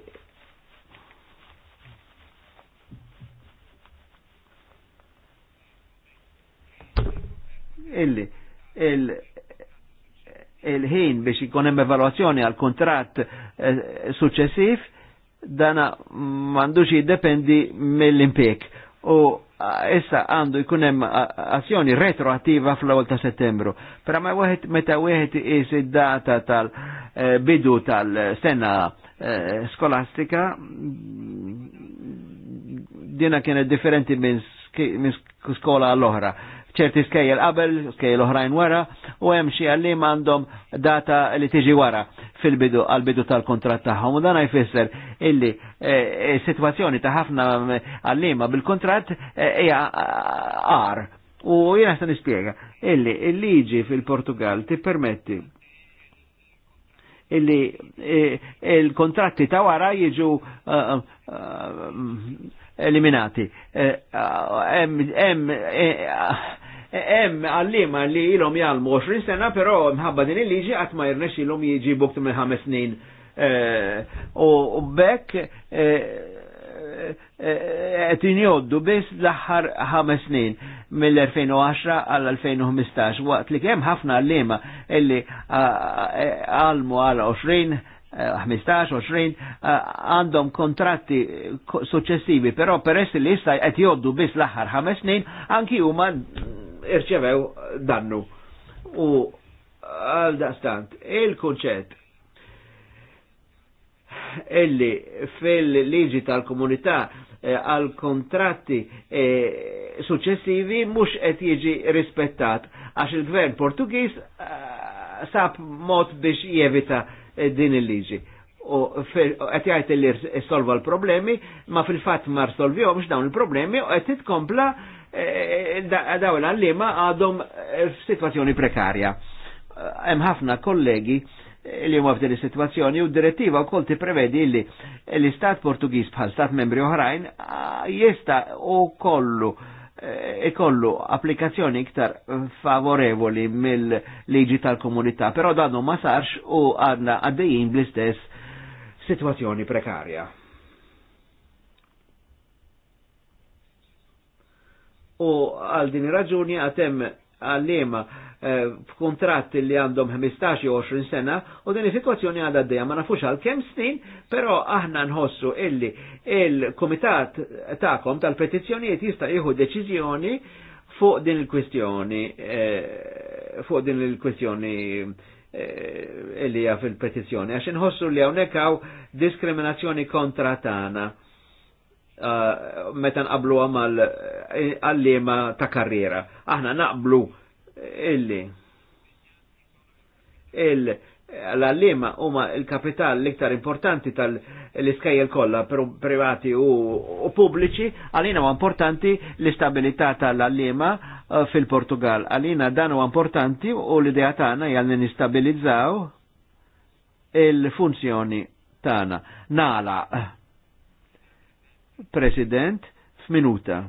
illi il-ħin biex ikun hemm evalwazzjoni għal kontratt suċċessiv dana mandux jiddependi mill impiek U issa għandu jkun hemm azzjoni retroattiva fl-ewwel ta' Settembru. Però ma wieħed meta wieħed is data tal-bidu eh, tal-sena eh, skolastika dina kienet differenti minn skola għall-oħra ċerti skejjel qabel, skejjel oħrajn wara, u hemm xi għallim għandhom data li tiġi wara fil-bidu għal-bidu tal-kontrat tagħhom. U dan jfisser illi eh, eh, situazzjoni ta' ħafna għallima bil-kontrat eh, hija għar. U jiena se nispjega illi il-liġi fil-Portugal tippermetti illi il-kontratti ta' wara jiġu eliminati. Hemm hemm e, għallima li ilhom jgħalmu 20 sena, però mħabba din il-liġi qatt ma jirnex ilhom jieġi bukt minn ħames snin. E, u bekk e, qed injoddu biss l-aħħar ħames snin mill-2010 għal 2015 waqt li kemm ħafna għallima illi għalmu għal 20 15-20 eh, għandhom kontratti eh, successivi, però per essi li issa għet joddu bis laħar aħħar 5 snin anki huma mm, irċevew dannu. U għal daqstant, il-konċett illi fil-liġi tal-komunità eh, għal kontratti successivi mux qed jiġi rispettat għax il-gvern Portugis sab mod biex jevita Eh, din il-liġi. U qed jgħid li solva l-problemi, ma fil-fatt ma solvihomx dawn il-problemi u qed titkompla eh, l għallima għadhom eh, f'sitwazzjoni prekarja. Hemm ħafna kollegi li huma f'din is-sitwazzjoni u d-direttiva wkoll tipprevedi li l-istat Portugiż bħal stat membri oħrajn ah, jista' u kollu uh, ikollu kollu applikazzjoni iktar favorevoli mill-liġi tal-komunità, però dannu ma sarx u għadna għaddejjin bl-istess situazzjoni prekarja. U għal din raġuni għatem għallima Eh, f'kuntratt li għandhom 15 u 20 sena u din is-sitwazzjoni għadha d ma nafux għal kemm snin, però aħna nħossu illi il-Kumitat tagħkom tal-petizzjonijiet jista' jieħu deċiżjoni fuq din il-kwistjoni eh, fuq din il-kwistjoni eh, illi hija fil-petizzjoni għax inħossu li hawnhekk hawn diskriminazzjoni kontra tagħna meta nqablu għal għallima ta' karriera. Aħna naqblu illi l-għallima huma il-kapital l-iktar importanti tal-iskajjel kollha privati u pubbliċi, għalina huwa importanti l-istabilità tal-għallima eh, fil-Portugal. Għalina dan huwa importanti u l-idea tagħna jgħalni nistabilizzaw il-funzjoni tagħna. Nala. President, f'minuta.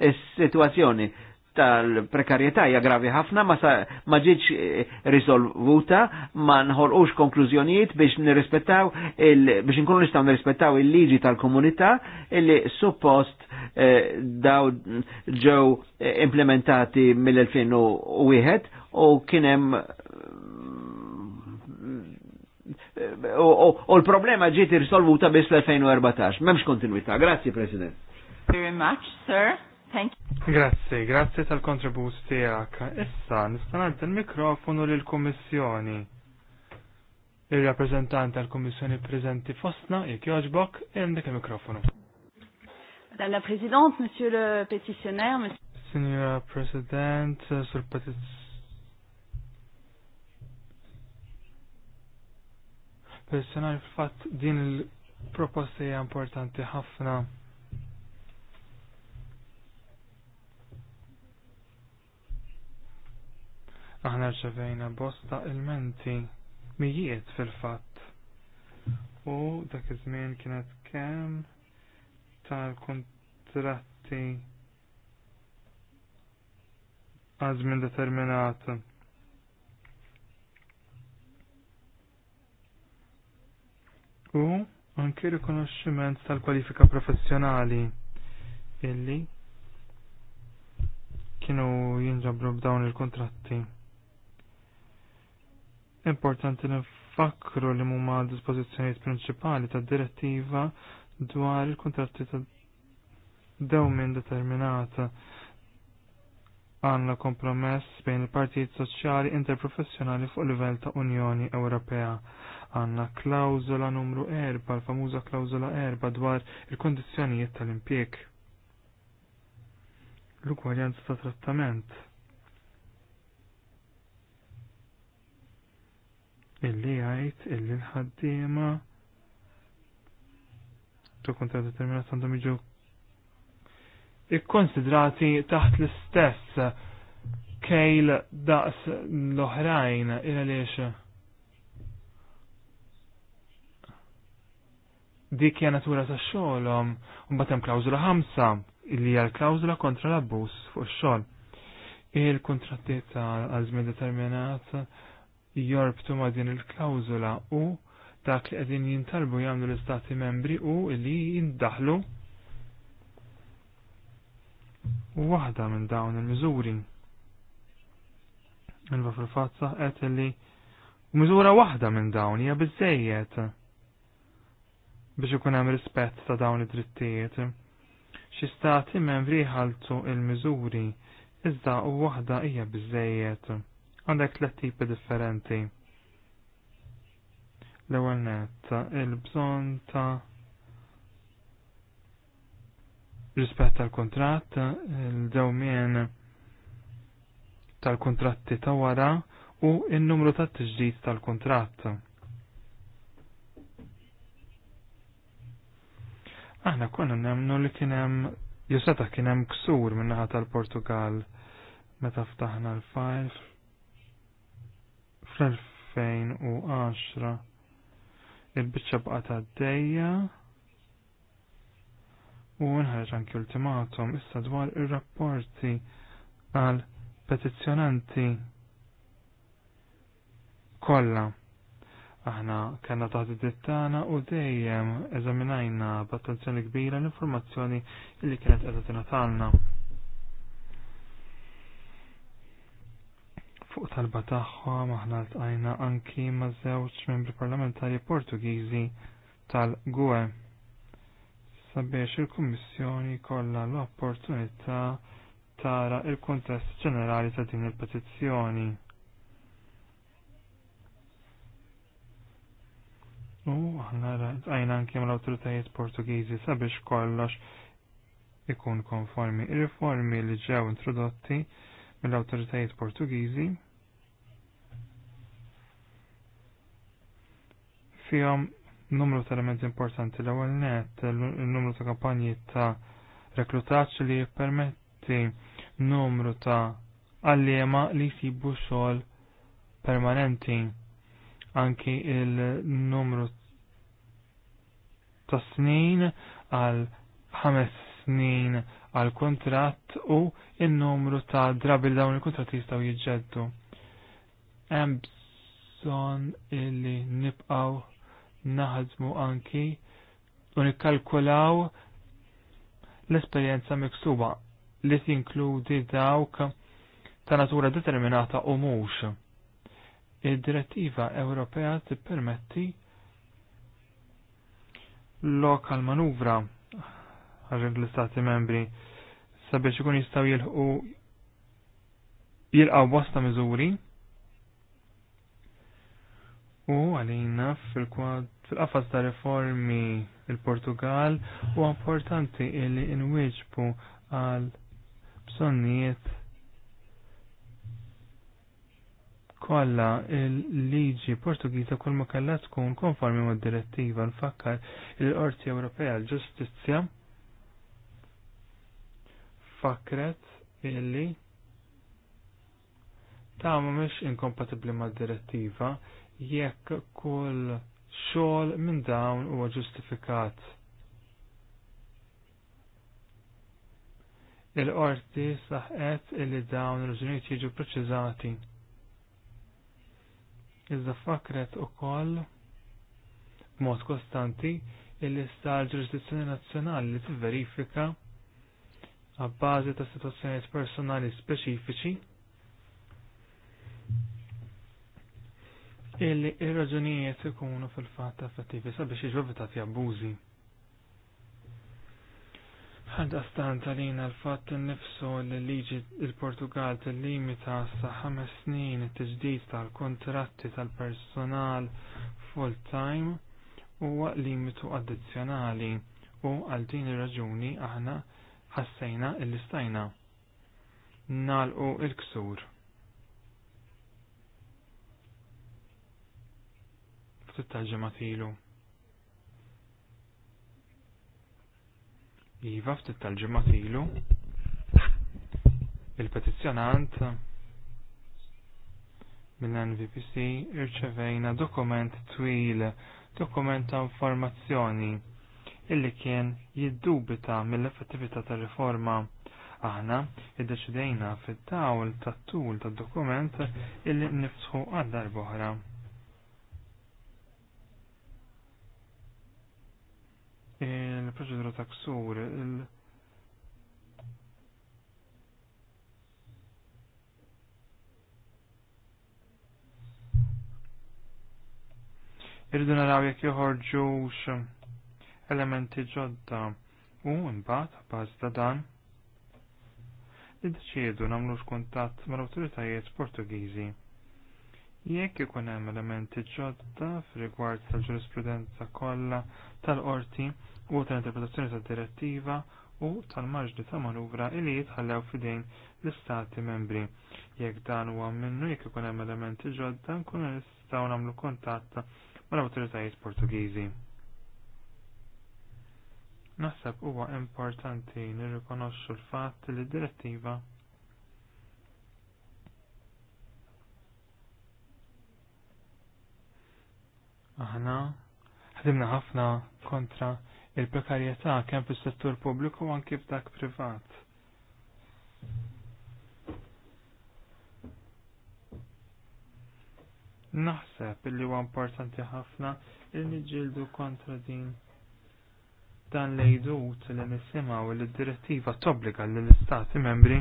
Is-sitwazzjoni tal-prekarjetà hija gravi ħafna ma sa, ma ġietx eh, risolvuta, ma nħolqux konklużjonijiet biex nirrispettaw biex inkunu nistgħu nirrispettaw il-liġi tal-komunità illi suppost eh, daw ġew eh, implementati mill-2001 u kien hemm u l-problema ġiet irrisolvuta biss l-2014. Memx kontinuità. grazzi President. Very much, sir. Thank you. Grazie, grazie tal-kontribut tijak. Issa, nistanad il-mikrofonu l-Kommissjoni. Il-rappresentant tal-Kommissjoni prezenti fostna, jek joġbok, jendek il-mikrofonu. Madame la Présidente, Monsieur le Pétitionnaire, Monsieur... Signora President, sur petiz... Personali fil-fat din il-proposta hija importanti ħafna Aħna rċevejna bosta il-menti mijiet fil-fatt. U dak iż-żmien kienet kemm tal-kontratti għazmin determinat. U anke rikonoxximent tal-kwalifika professjonali illi kienu jinġabru b'dawn il-kontratti. Importanti nfakru li huma dispożizzjonijiet prinċipali tad-direttiva dwar il-kontratti ta' dewmin determinata għanna kompromess bejn il-partijiet soċjali interprofessjonali fuq livell ta' Unjoni Ewropea. Għanna klawzola numru erba, l-famuża klawzola erba dwar il-kondizjonijiet tal-impjek. L-ugwaljanza ta' trattament. illi għajt illi l-ħaddima tu kontra determinat għandhom iġu ikkonsidrati taħt l-istess kejl daqs l-oħrajn ira liex dik hija natura ta' xogħolhom u mbagħad hemm klawżula ħamsa illi hija l-klawżula kontra l-abbuż fuq ix-xogħol. Il-kuntratti ta' għażmien determinat jorbtu ma' din il-klawzula u dak li qegħdin jintalbu jagħmlu l-istati membri u li u wahda minn dawn il-miżuri. Ilva fil-fatt għet li miżura waħda minn dawn hija bizzejiet biex ikun hemm rispett ta' dawn id-drittijiet. Xi stati membri ħaltu il-miżuri iżda waħda hija biżejjed. Għandek tlet tipi differenti. L-ewwel nett il-bżonn ta' rispett tal-kontratt, il-dewmien tal-kontratti ta' wara u n-numru ta' tiġdid tal-kontratt. Aħna konna nemnu li kienem Jusata kien hemm ksur min-naħa tal-Portugal meta ftaħna l file fl-2010 il-bicċa baqgħet għaddejja u nħarġ anki ultimatum issa dwar ir-rapporti għal petizzjonanti kollha. Aħna kellna taħdi dittana u dejjem eżaminajna b'attenzjoni kbira l-informazzjoni li kienet qiegħda tingħatalna. Fuq talba tagħhom aħna ltqajna anki ma' żewġ membri parlamentari Portugiżi tal-GUE sabiex il-Kummissjoni kollha l-opportunità tara il-kontest ġenerali ta' din il-petizzjoni. U aħna għajna anke mal awtoritajiet Portugiżi sabiex kollox ikun konformi ir-riformi li ġew introdotti mill-awtoritajiet Portugiżi fihom numru ta' elementi importanti l-ewwel net il-numru ta' kampanji ta' reklutaċ li jippermetti numru ta' għalliema li jsibu xogħol permanenti anki il-numru ta' snin għal ħames snin għal kuntratt u il numru ta' drabi dawn il kontrat jistgħu jiġġeddu. Hemm bżonn illi nibqgħu naħadmu anki u nikkalkulaw l-esperjenza miksuba li tinkludi dawk ta' natura determinata u mhux. Id-direttiva Ewropea tippermetti lokal manuvra ħarġen l-istati membri sabiex ikun jistaw jilħu jilqaw bosta miżuri u għalina fil-qafas ta' reformi il-Portugal u importanti illi inwiġbu għal bżonniet kolla il-liġi Portugiza kull ma kellha tkun konformi mad direttiva nfakkar il-Qorti Ewropea l-Ġustizzja fakret illi ta' mhumiex inkompatibbli mad-direttiva jekk kull xogħol minn dawn huwa ġustifikat. Il-qorti saħqet illi dawn il ġuniet jiġu preċizati. Iżda fakret ukoll b'mod kostanti illi sta l-ġurisdizzjoni nazzjonali li tivverifika għabbażi ta' situazzjonijiet personali speċifiċi illi il raġunijiet ikunu fil-fatt effettivi sabiex jiġu evitati abbużi. Għadda stanta lina l-fatt nifsu li liġi il-Portugal t-limita sa' ħames snin it ġdijt tal-kontratti tal-personal full-time huwa limitu addizzjonali u għal din ir-raġuni aħna ħassejna il-listajna nalqu il-ksur. Ftit tal Iva ftit tal ilu. Il-petizzjonant mill-NVPC irċevejna dokument twil, dokument ta' informazzjoni illi kien jiddubita mill-effettività tar riforma Aħna iddeċidejna fit-tawl tat-tul tad-dokument illi niftħu għad boħra. Il-proċedura ta' ksur il Irridu naraw jekk joħorġux elementi ġodda u mbagħad baż ta' dan iddeċiedu nagħmlu x'kuntatt mal-awtoritajiet Portugiżi. Jekk ikun hemm elementi ġodda f'rigward tal-ġurisprudenza kollha tal-qorti u tal-interpretazzjoni tad-direttiva u tal-marġni ta' manuvra li jitħallew fidejn l-istati membri. Jekk dan huwa minnu jekk ikun hemm elementi ġodda nkunu nistgħu nagħmlu kontatt mal-awtoritajiet Portugiżi. Naħseb huwa importanti nirrikonoxxu l-fatt li d-direttiva aħna ħdimna ħafna kontra il-prekarjetà kemm fis-settur pubbliku anke f'dak privat. Naħseb li huwa importanti ħafna il niġġieldu kontra din dan li jdut li nisimaw li d-direttiva tobbliga li l-istati membri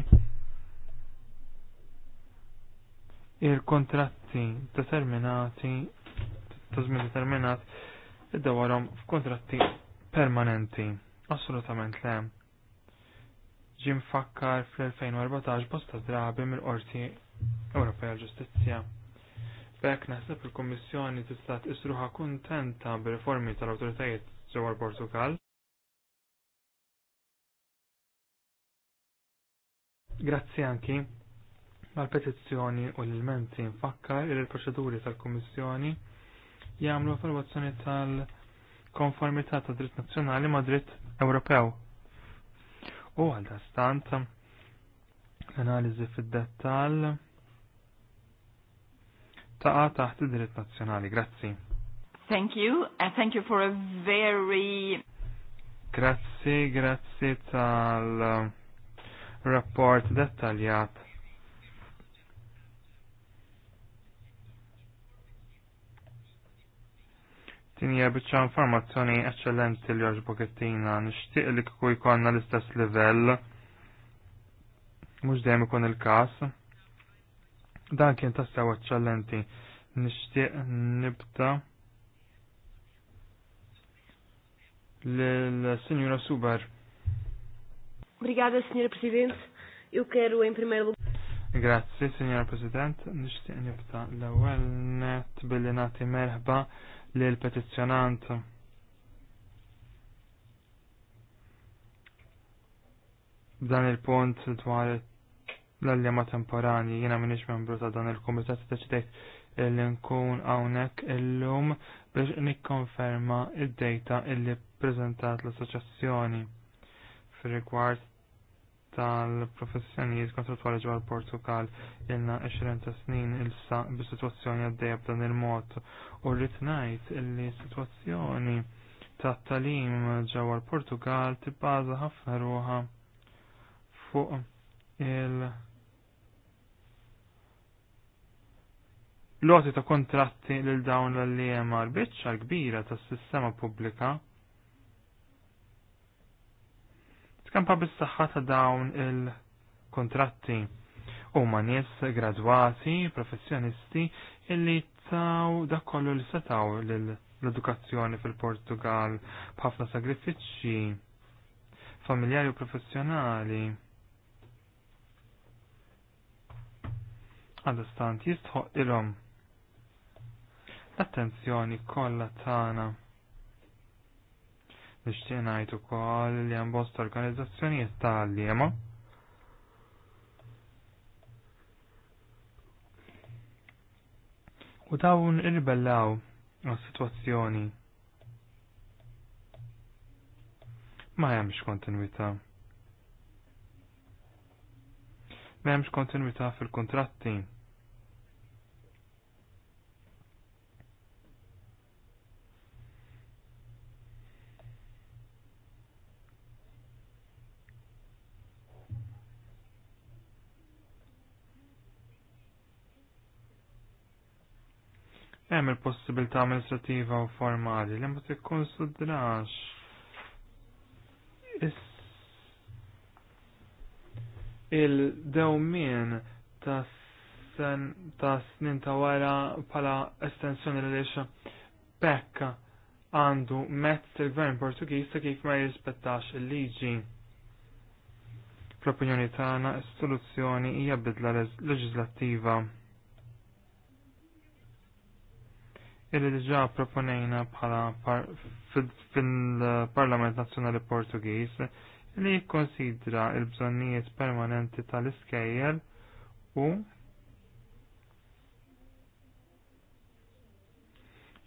il-kontratti determinati tazmin determinat id-dawarom f-kontratti permanenti assolutament le ġim fakkar fl-2014 bosta drabi mill-Qorti Ewropea Ġustizzja. Bek naħseb il-Kommissjoni tista' isruħa kuntenta bir-reformi tal-awtoritajiet ġewwa portugal Grazzi anki mal-petizzjoni u l menti nfakkar il l-proċeduri tal-Kummissjoni jagħmlu evalwazzjoni tal-konformità ta' dritt nazzjonali ma' dritt Ewropew. U għal stant analiżi fid-dettall ta' taħt id-dritt nazzjonali. Grazzi. Thank you, and thank you for a very... Grazie, grazie tal rapport dettaljat. Tinja bieċa informazzjoni eccellenti li għax bokettina, nishtiq li kuj konna l-istess livell, mux dejjem ikun il-kas. Dan kien tassew eccellenti, nishtiq nibta l-Sinjura Subar. Obrigada, Sr. Presidente. Eu quero, em primeiro lugar. Grazzi, Signor President. Nishtiq nibda l-ewwel net billi nagħti merħba lil petizzjonant. Dan il-punt dwar l-allema temporani, jiena minix membru ta' dan il-komitat deċidejt li nkun hawnhekk illum biex nikkonferma id data illi prezentat l-assoċjazzjoni fil-rigward tal-professjonijiet kontratwali ġewwa l-Portugal ilna 20 ta' snin ilsa bis-sitwazzjoni għaddejja b'dan il-mod u rrid ngħid illi sitwazzjoni tat-tagħlim ġewwa l-Portugal tibbaża ħafna ruha fuq il- Loti ta' kontratti lil dawn l-liema l-bicċa kbira tas sistema pubblika skampa bis-saħħa ta' dawn il-kontratti. Huma nies gradwati, professjonisti illi taw dak kollu li setaw l-edukazzjoni fil-Portugal b'ħafna sagrifiċċji familjari u professjonali. Għadastant jistħoq ilhom l-attenzjoni kollha tagħna biex tinajtu ukoll li għan bost organizazzjoni organizzazzjonijiet tal-liema. U dawn irbellaw għas situazzjoni Ma jemx kontinuita. Ma jemx kontinuita fil-kontratti. hemm il-possibilità amministrativa u formali li ma tikkonsidrax il-dewmien ta' snin ta' wara pala estensjoni li lexa pekka għandu mezz il-gvern Portugiż ta' kif ma jirrispettax il-liġi. Fl-opinjoni tagħna is-soluzzjoni hija bidla leġislattiva. illi diġa proponejna bħala fil-Parlament Nazzjonali Portugiż li jikkonsidra il-bżonnijiet permanenti tal-iskejjel u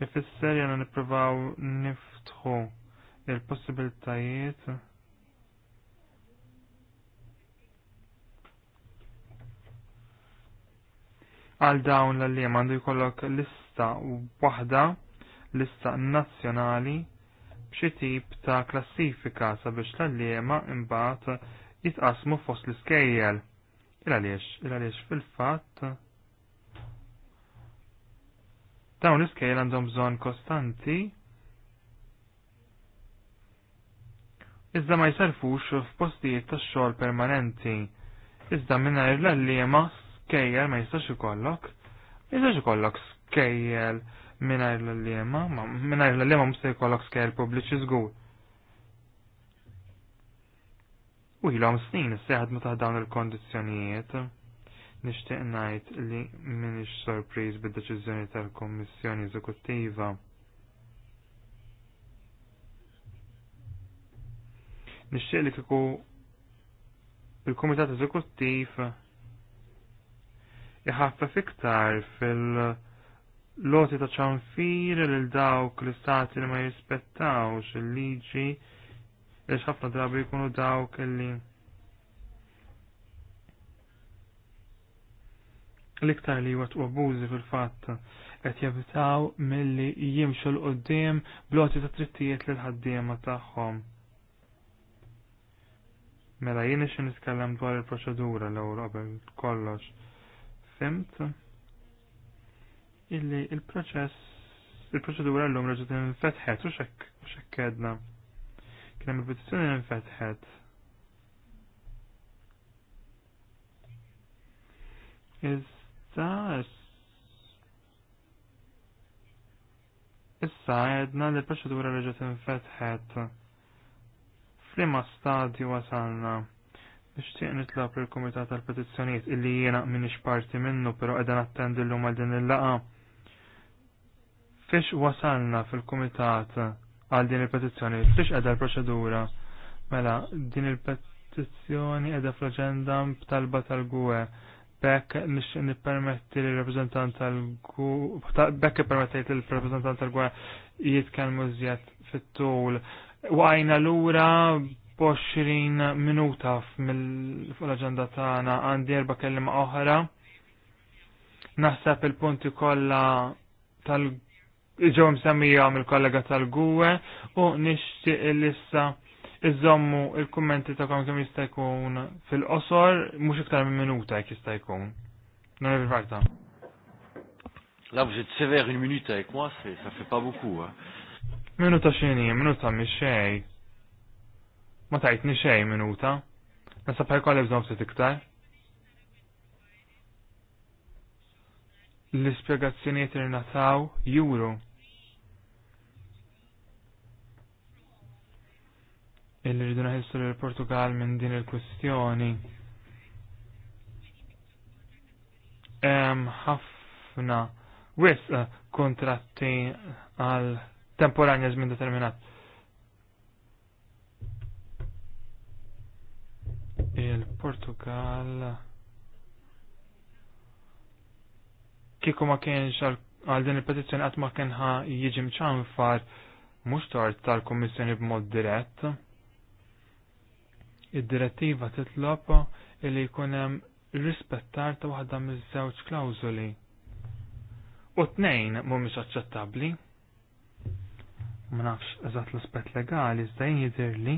jifisser jena niprovaw niftħu il-possibilitajiet għal dawn l-li għandu jkollok l-ist lista waħda, lista nazzjonali, b'xi tip ta' klassifika sabiex l-allema imbagħad jitqasmu fost l-iskejjel. Il-għaliex, fil-fatt dawn l-iskejjel għandhom bżonn kostanti iżda ma jsarfux f'postijiet tax-xogħol permanenti. Iżda mingħajr l-allema skejjer ma jistax ikollok, ma jistax ikollok skejjel minnajr l-lema, minnajr l-lema musta jkollok skejjel publiċi zgur. U jilom snin s-seħad ma dawn il-kondizjonijiet. Nishtiq najt li minix sorpriz bid-deċizjoni tal-Kommissjoni Eżekuttiva. Nishtiq li kiku il-Komitat Eżekuttiv iħaffa fiktar fil- loti ta' ċanfir lil dawk l stati li ma jirrispettawx il-liġi li ħafna drabi jkunu dawk li l-iktar li jwet u abuzi fil-fatt qed jevitaw milli jimxu l-qoddim bloti ta' trittijiet lil ħaddiema tagħhom. Mela jien ixin nitkellem dwar il-proċedura l-ewwel qabel kollox. Fimt? illi il-proċess il-proċedura l-lum reġet n-fetħet u xekkedna. Kien hemm il-petizzjoni infetħet. Iżda Issa għedna li l-proċedura reġet infetħet. Flima stadju wasalna nixtieq nitlob lill kumitat tal-Petizzjonijiet illi jena minix parti minnu, però għedna attendi llum għal din il-laqa fiex wasalna fil-Kumitat għal din il-petizzjoni, fiex edha l-proċedura. Mela, din il-petizzjoni edha fl-agenda b'talba tal-gwe. Bekk nix nipermetti li reprezentant tal-gwe, bekk permettajt l-reprezentant tal-gwe jitkelmu zjed fit-tul. Waqajna l-ura 20 minuta l agenda tagħna għandi erba' kelma oħra. Naħseb il-punti kollha tal ġew msemmija mill-kollega tal-Gwe u nixtieq l-issa iżommu il-kummenti ta' kemm jista' jkun fil-qosor mhux iktar minn minuta jekk jista' jkun. Nagħmel il-farta. Là, vous sever sévère minuta jek avec moi, c'est ça fait pas Minuta xini, minuta mixej. Ma ni xej minuta. Nasab ħajkolla bżon ftit iktar. l-ispjegazzjonijiet nataw juru. Illi rridu naħissu l-Portugal minn din il-kwestjoni. ħafna wis eh, kontratti għal temporanja żmien determinat. Il-Portugal kieku ma kienx għal din il-petizzjoni għatma ma kien ħa jiġi mċanfar mhux tort tal-Kummissjoni b'mod dirett. Id-direttiva titlob li jkun hemm rispettar ta' waħda miż-żewġ klawżoli. U tnejn mhumiex aċċettabbli. Ma nafx eżat l-aspett legali iżda jidhirli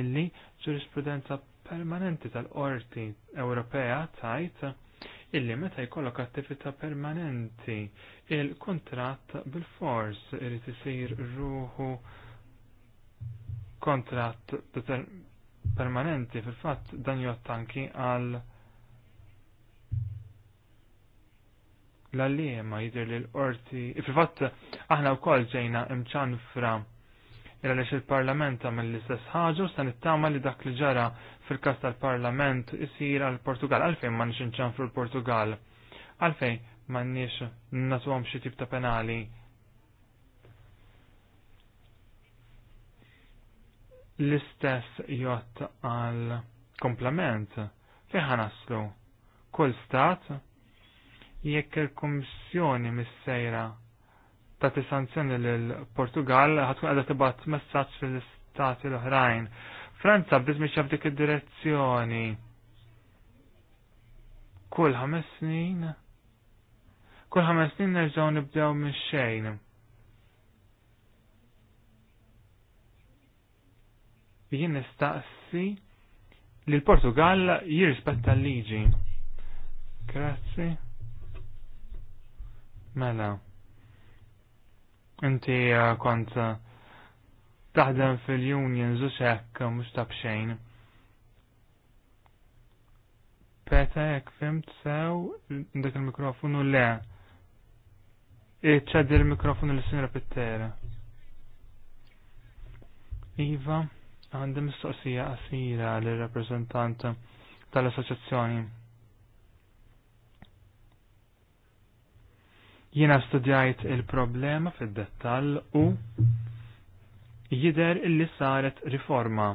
illi ġurisprudenza permanenti tal-qorti Ewropea tajt illi meta jkollok attività permanenti il kontrat bil-fors irid isir ruħu kontratt permanenti fil-fatt dan jottanki għal l-għallima jidir li l-orti, fil-fatt aħna u koll ġejna imċanfra il għalix il parlamenta mill l-istess ħagġu, san it-tama li dak li ġara fil-kas tal-Parlament isir għal Portugal għalfejn ma nix nċanfru l-Portugal għalfejn ma nix għom xi tip ta' penali l-istess jott għal komplement fejn ħanaslu kull stat jekk il-Kummissjoni mis-sejra ta' t-sanzjoni l-Portugal ħatkun għadha tibgħat messaġġ fil-istati l-oħrajn Franza bizmiċa f'dik id-direzzjoni. Kull ħames snin. Kull ħames snin nerġaw nibdew minn xejn. Jien nistaqsi li l-Portugal jirrispetta l-liġi. Grazzi. Mela. Inti eh, kont uh, taħdem fil union u mhux ta' bxejn. Peta jek fimt sew dak il-mikrofonu le. Iċċad il-mikrofonu l-sinra pittera. Iva, għandi mistoqsija qasira l-rappresentant tal-assoċjazzjoni. Jiena studjajt il-problema fid-dettall u jider illi saret riforma.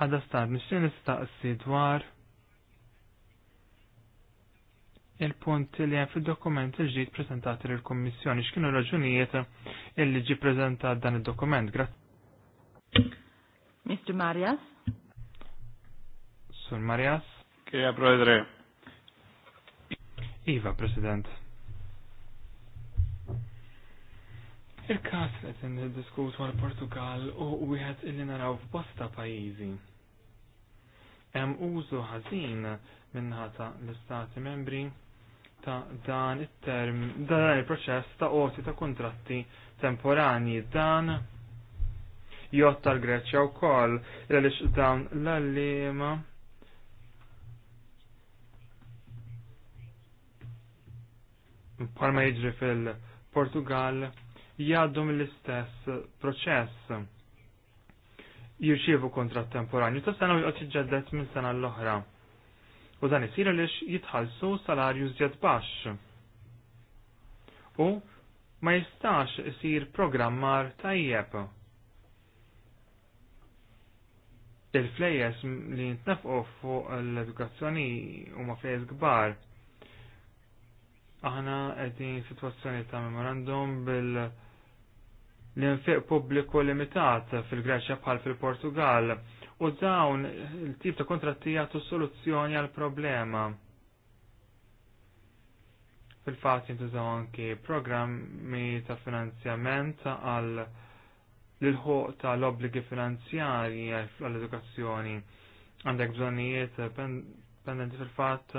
Għada stan nixin nistaqsi dwar il-punt li għan fil-dokument li ġiet prezentati l-Kommissjoni. X'kienu raġunijiet illi ġi prezentat dan il-dokument? Mr. Marias? Sur Marias? Kja, Iva, President. Il-kas li qed niddiskutu għal Portugal u wieħed illi naraw f'bosta pajjiżi. Hemm użu ħażin minnħata l-Istati membri ta' dan it-term dan il-proċess ta' qoti ta' kontratti temporani dan jott tal-Greċja wkoll għaliex dan l-allima parma jiġri fil-Portugal jgħaddu mill-istess proċess. Jirċievu kontrat temporanju ta' sena u ġaddet jġeddet minn sena l-oħra. U dan isir lix jitħallsu salarju żjed baxx. U ma jistax isir programmar tajjeb. Il-flejes li jintnafqu fuq l-edukazzjoni huma flejes kbar aħna għedin situazzjoni ta' memorandum bil- l-infiq pubbliku limitat fil-Greċja bħal fil-Portugal u dawn il-tip ta' kontratti jagħtu soluzzjoni għal problema. Fil-fatt jintużaw anki programmi ta' finanzjament għal l-ħuq ta' l-obbligi finanzjarji għall-edukazzjoni għandek bżonijiet pendenti fil-fatt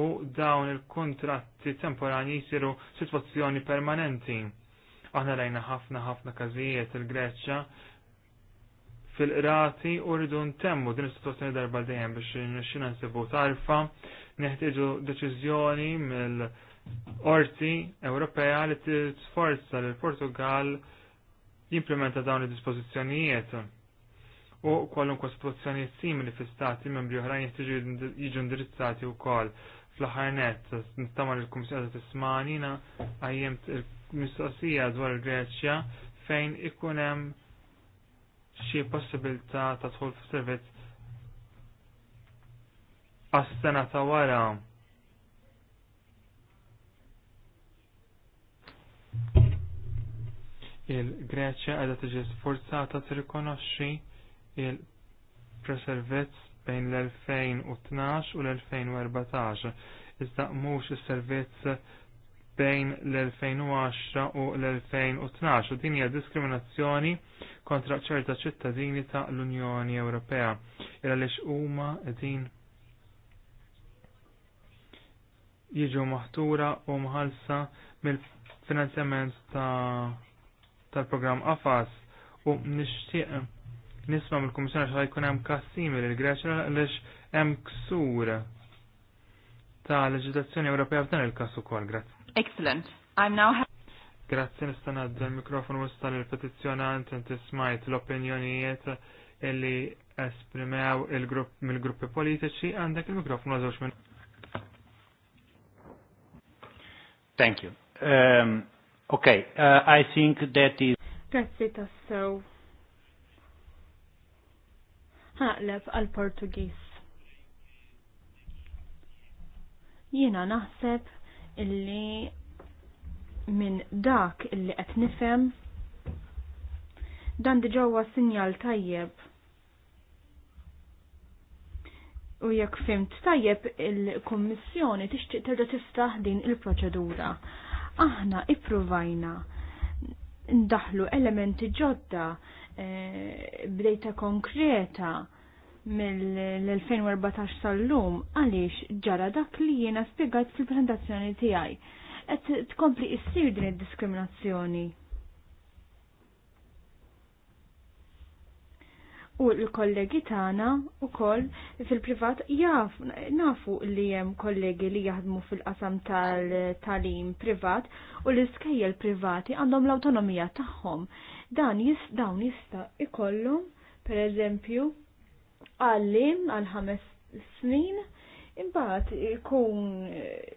u dawn il-kontratti temporani jisiru situazzjoni permanenti Aħna rajna ħafna ħafna każijiet il-Greċċa fil-qrati u rridu ntemmu din is-sitwazzjoni darba dejjem biex xina nsibu tarfa, neħtieġu deċiżjoni mill-Orti Ewropea li tisforza l Portugal jimplementa dawn id-dispożizzjonijiet u kwalunkwe situazzjoni simili fi stati membri oħrajn jittiġu jiġu indirizzati u kol fl-ħarnet nistama il komissjoni tismanina għajjem mistoqsija dwar il-Greċja fejn ikun hemm xi possibilità ta' tħol f'servizz għas-sena ta' wara. Il-Greċja qiegħda tiġi sforzata tirrikonoxxi il preservizz bejn l-2012 u l-2014 iżda mhux is-servizz bejn l-2010 u l-2012 u din hija diskriminazzjoni kontra ċerta ċittadini ta' l-Unjoni Ewropea. Ira lix huma din jiġu maħtura u mħalsa mill-finanzjament ta' tal-programm AFAS u nixtieq nisma mill-Kummissjoni xa jkun hemm kas simili l-Greċja għaliex hemm ksur ta' leġislazzjoni Ewropea f'dan il-każ ukoll. Grazzi. Excellent. I'm now Grazzi nista' il l-mikrofonu tal il-petizzjonant inti smajt l-opinjonijiet illi esprimew il-grupp mill-gruppi politiċi għandek il-mikrofonu żewġ minn. Thank you. Um, okay, uh, I think that is Grazzi tassew. Ħaqleb għal-Portugiż. Jiena naħseb illi minn dak illi qed nifhem dan diġa huwa sinjal tajjeb. U jekk fimt tajjeb il-Kummissjoni tixtieq terġa' tiftaħ din il-proċedura. Aħna ippruvajna ndaħlu elementi ġodda eh, bdejta konkreta mill-2014 sal-lum għaliex ġara dak li jiena spiegħat fil prezentazzjoni tiegħi. Et tkompli issir din id-diskriminazzjoni. U l-kollegi tagħna koll fil-privat jaf nafu li hemm kollegi li jaħdmu fil-qasam tal-talim privat u l-iskejjel privati għandhom l-awtonomija tagħhom. Dan jis dawn jista' ikollhom pereżempju għallim għal ħames snin Imbagħad ikun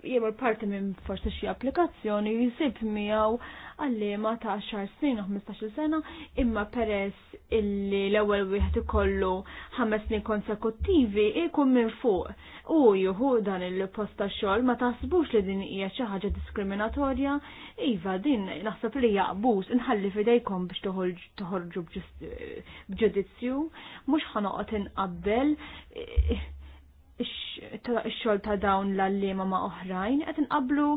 jemur parti minn forsi xi applikazzjoni jsib miegħu għalliema ta' xar snin u 15 sena imma peress illi l-ewwel wieħed ikollu ħames snin konsekuttivi ikun minn fuq. U juhu dan il-post ta' xogħol ma taħsbux li din hija xi ħaġa diskriminatorja, iva din naħseb li jaqbus inħalli fidejkom biex toħorġu b'ġudizzju, mhux ħanoqgħod inqabbel xol ta' dawn l għallema ma' oħrajn, qed nqablu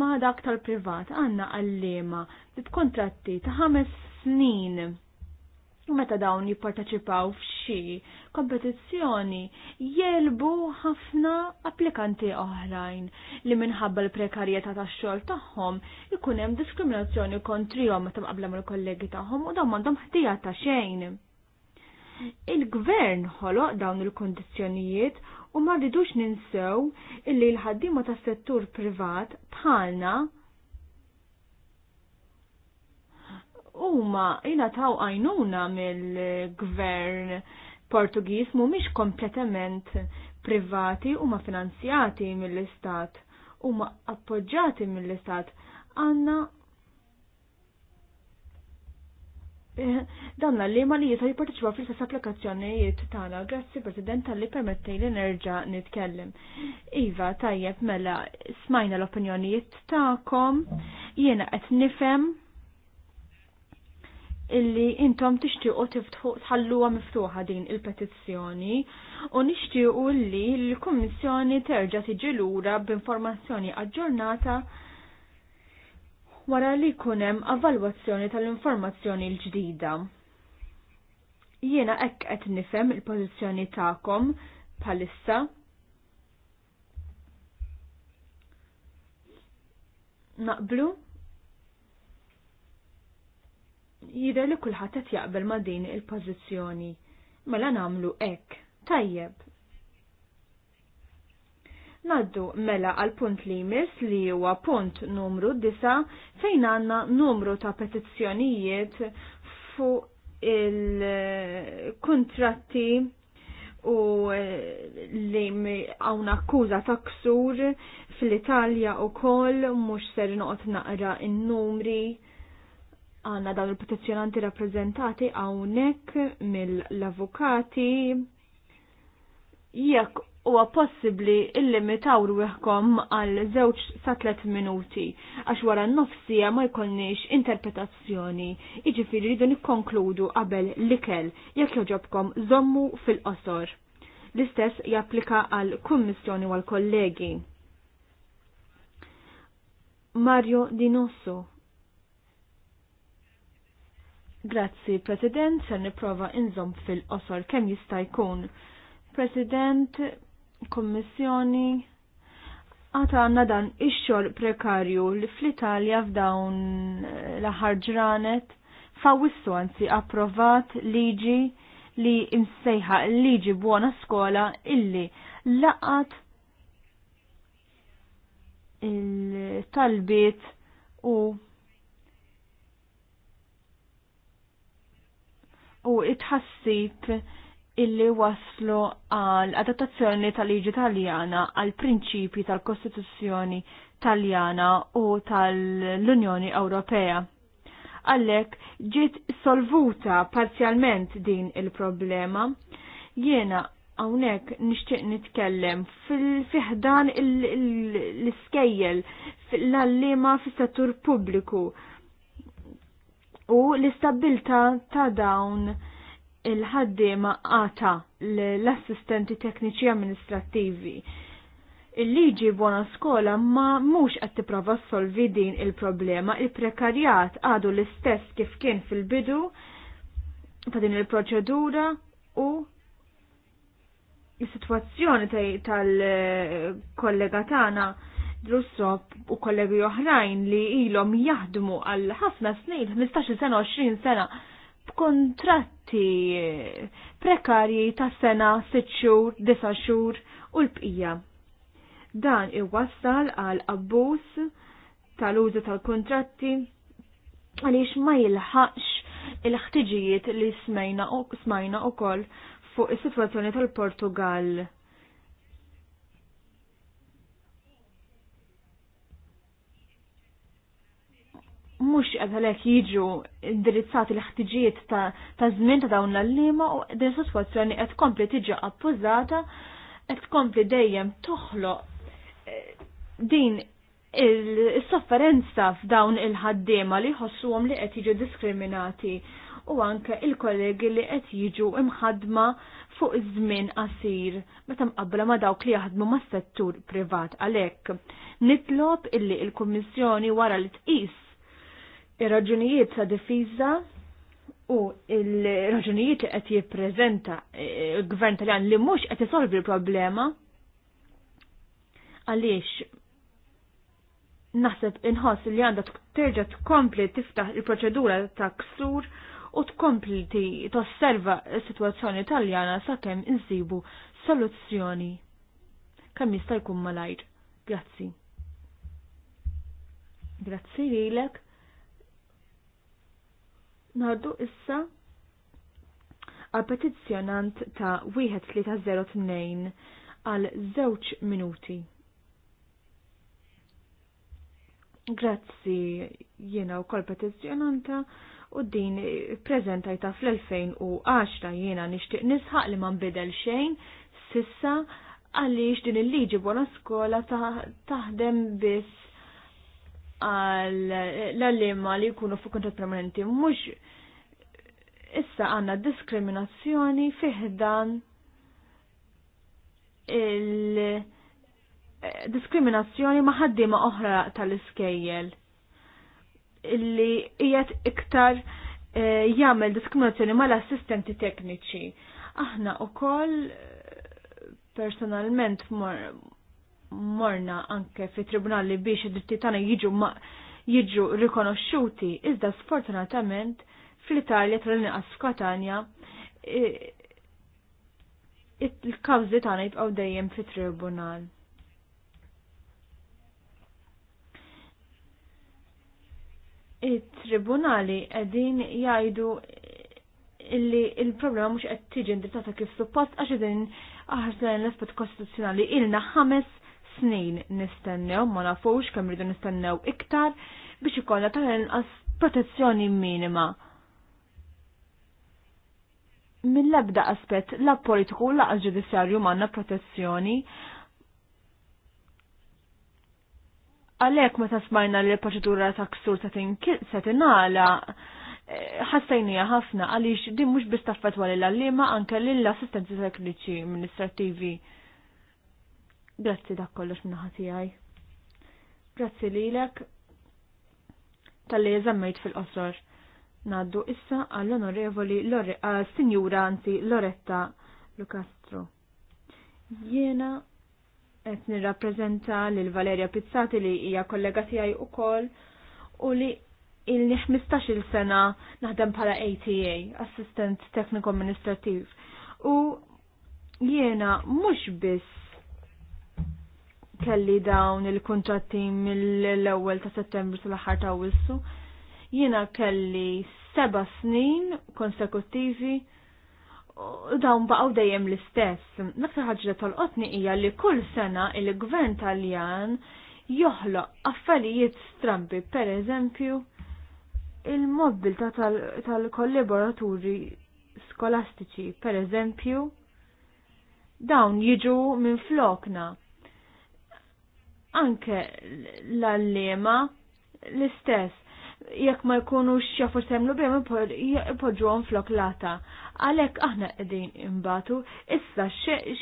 ma' dak tal-privat, għanna allima bi kontratti ta' ħames snin. Meta dawn jipparteċipaw f'xi kompetizzjoni jelbu ħafna applikanti oħrajn li minħabba l-prekarjetà tax-xogħol tagħhom ikun hemm diskriminazzjoni kontrihom meta mqabbla il-kollegi tagħhom u dawn m'għandhom ħtija ta' xejn il-gvern ħoloq dawn il-kondizjonijiet u ma rridux ninsew illi l-ħaddima tas settur privat bħalna huma taw għajnuna mill-gvern Portugiż mhumiex kompletament privati huma finanzjati mill-istat huma appoġġjati mill-istat għandna Dan li ma li jisa jiparteċipa fil-istess applikazzjonijiet tagħna. Grazzi President tal-li permettej li nerġa' nitkellem. Iva, tajjeb mela smajna l-opinjonijiet tagħkom, jiena qed nifhem illi intom tixtiequ tiftħu tħalluha miftuħa din il-petizzjoni u nixtiequ li l-Kummissjoni terġa' tiġi lura b'informazzjoni aġġornata wara li kunem avalwazzjoni tal-informazzjoni l-ġdida. Jiena ekk qed nifhem il-pożizzjoni tagħkom bħalissa. Naqblu? Jidher li kulħadd qed jaqbel ma' din il-pożizzjoni. Mela nagħmlu hekk. Tajjeb, Naddu mela għal punt li jmiss li huwa punt numru 9 fejn għandna numru ta' petizzjonijiet fuq il-kontratti u eh, li għawna akkuża ta' ksur fl-Italja u koll mux ser noqt naqra il numri għanna dawn il-petizjonanti rappresentati għawnek mill-avukati jekk huwa possibbli illimitaw ruħkom għal żewġ sa tlet minuti għax wara n-nofsija ma jkollniex interpretazzjoni. Jiġifieri rridu nikkonkludu qabel l-ikel jekk joġobkom żommu fil-qosor. L-istess japplika għal kummissjoni għal kollegi. Mario Dinosso. Grazzi, President, se niprofa inżom fil-qosor kemm jista' jkun President, Kommissjoni, għata għanna dan ix-xogħol prekarju li fl-Italja f'dawn eh, l-aħħar ġranet fawissu anzi approvat liġi li imsejħa liġi buona skola illi laqat il-talbiet u u itħassib illi waslu għal adattazzjoni tal-liġi taljana għal prinċipi tal-Kostituzzjoni taljana u tal-Unjoni Ewropea. Għallek ġiet solvuta parzjalment din il-problema. Jiena hawnhekk nixtieq nitkellem fil-fiħdan l-iskejjel l-allima fis-settur pubbliku u l-istabilta ta' dawn il-ħaddiema għata l-assistenti tekniċi amministrattivi. Il-liġi buona skola ma mhux qed tipprova solvi din il-problema, il-prekarjat għadu l-istess kif kien fil-bidu ta' din il-proċedura u il-situazzjoni tal-kollega tagħna Russop u kollegi oħrajn li ilhom jaħdmu għal ħafna snin, 15 sena, 20 sena, b'kontratti ti prekarji ta' sena, sitt xhur, disa' xur u l-bqija. Dan iwassal għal abbuż tal-użu tal-kontratti għaliex ma jilħaqx il-ħtiġijiet li smajna u smajna u koll fuq is-sitwazzjoni tal-Portugal mux għadħalek jiġu indirizzati l-ħtiġijiet ta' żmien ta' dawn l lima u din sitwazzjoni qed tkompli tiġi appużata, qed tkompli dejjem toħloq eh, din il-sofferenza f'dawn il-ħaddiema li ħossuhom li qed jiġu diskriminati u anke il-kollegi li qed jiġu imħadma fuq żmien qasir meta mqabbla ma dawk li jaħdmu mas-settur privat għalhekk. Nitlob illi il-Kummissjoni wara li tqis ir-raġunijiet ta' difiża u il-raġunijiet li qed jippreżenta e, il-Gvern Taljan li mhux qed isolvi l-problema għaliex naħseb inħoss li għandha terġa' tkompli tiftaħ il-proċedura ta' ksur u tkompli tosserva s-sitwazzjoni Taljana sakemm insibu soluzzjoni kemm jista' jkun malajr. Grazzi. Grazzi lilek. Naddu issa għal petizzjonant ta' 1302 għal żewġ minuti. Grazzi jiena u kol petizzjonanta u din prezentajta fl-2010 jiena nishtiq nisħaq li man bidel xejn sissa għaliex din il-liġi buona skola taħdem biss għal l-allima li jkunu fuq kontrat permanenti mhux issa għandna diskriminazzjoni fiħdan il- diskriminazzjoni ma' ħaddiema oħra tal-iskejjel illi qiegħed iktar e, jagħmel diskriminazzjoni mal-assistenti tekniċi. Aħna wkoll eh, personalment morna anke fi tribunali biex id-dritti tagħna jiġu ma jiġu rikonoxxuti, iżda sfortunatament fl-Italja tal-inqas f'Katanja il-kawżi tagħna jibqgħu dejjem fit-tribunal. it tribunali qegħdin jgħidu illi il-problema mhux qed tiġi indirizzata kif suppost għax din aħarslan l-aspett kostituzzjonali ilna ħames snin nistennew, ma nafux kemm rridu nistennew iktar biex ikollna tal-inqas protezzjoni minima. Mill-ebda aspett la politiku la ġudizzjarju manna protezzjoni. Għalek ma tasmajna li l-proċedura ta' ksur ta' tinala, eh, ħassajnija ħafna għaliex din mhux biss taffetwa l għallima anke lill-assistenti tekniċi amministrativi. Grazzi dak kollox minnaħati tiegħi. Grazzi lilek tal-li jazammajt fil-qosor. Naddu issa għall-onorevoli sinjura anzi Loretta Lucastro. Jiena qed nirrappreżenta lil Valeria Pizzati li hija kollega tiegħi ukoll u li ilni 15-il sena naħdem bħala ATA, assistent Technical Administrative. U jiena mhux biss kelli dawn il-kontratti mill-ewwel ta' Settembru sal-aħħar ta' Awwissu. Jiena kelli seba' snin konsekuttivi u dawn baqgħu dejjem l-istess. L-aktar ħaġa tal-qotni hija li kull sena il-Gvern Taljan joħloq affarijiet strambi, per eżempju, il mobil tal-kollaboraturi tal skolastiċi, per eżempju, dawn jiġu minn flokna anke l-allema l-istess jekk ma jkunu xafu semlu bjem ipoġuħom flok lata. Għalek aħna edin imbatu, issa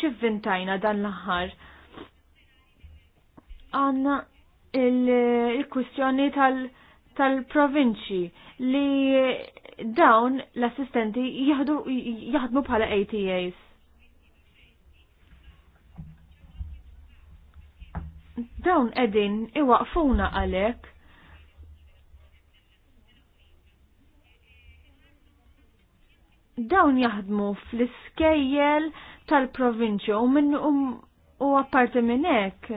xivvintajna dan l-ħar. Għanna il kustjoni tal-provinċi li dawn l-assistenti jaħdmu bħala ATAs dawn edin iwaqfuna għalek dawn jaħdmu fl-iskejjel tal-provinċja u minn um, u apparti minn hekk.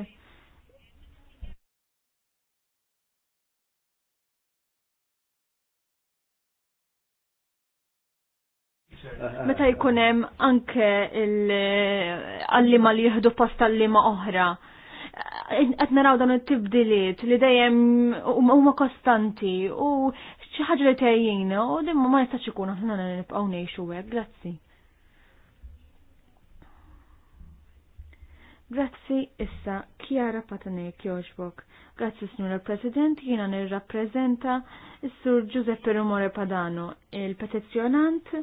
Meta jkun hemm anke l għallima li jieħdu post lima oħra qed naraw dawn it-tibdiliet li dejjem huma kostanti u xi ħaġa li tejjina u dimma ma jistax ikun aħna nibqgħu ngħixu hekk, grazzi. Grazzi issa Kjara Patanek Joġbok. Grazzi Snura President, jina nirrappreżenta s-Sur Giuseppe Rumore Padano, il-petizjonant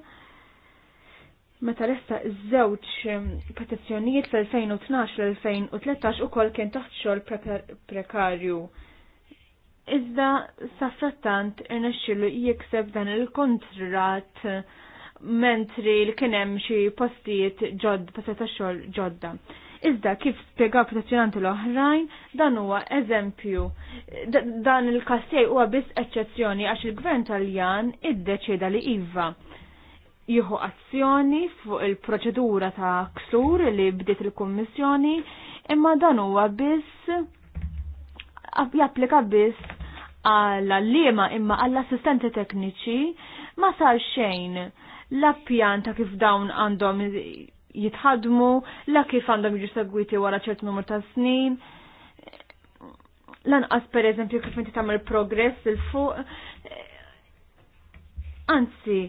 Meta lesta iż-żewġ ehm, petizzjonijiet fl-2012 l-2013 ukoll kien taħt xogħol prekarju. Iżda saffrattant irnexxilu jikseb dan il-kontrat mentri li kien hemm xi postijiet ġodd ta' xogħol ġodda. Iżda kif spjegaw petizzjonanti l-oħrajn, dan huwa eżempju. Dan il-kassej huwa biss eċċezzjoni għax il-Gvern Taljan iddeċeda li iva jieħu azzjoni fuq il-proċedura ta' ksur li bdiet il-Kummissjoni imma dan huwa biss japplika biss għall liema imma għall-assistenti tekniċi ma sar xejn la appjan ta' kif dawn għandhom jitħadmu, la kif għandhom jiġu segwiti wara ċert numru ta' snin. Lanqas per eżempju kif inti tagħmel progress il fuq. Anzi,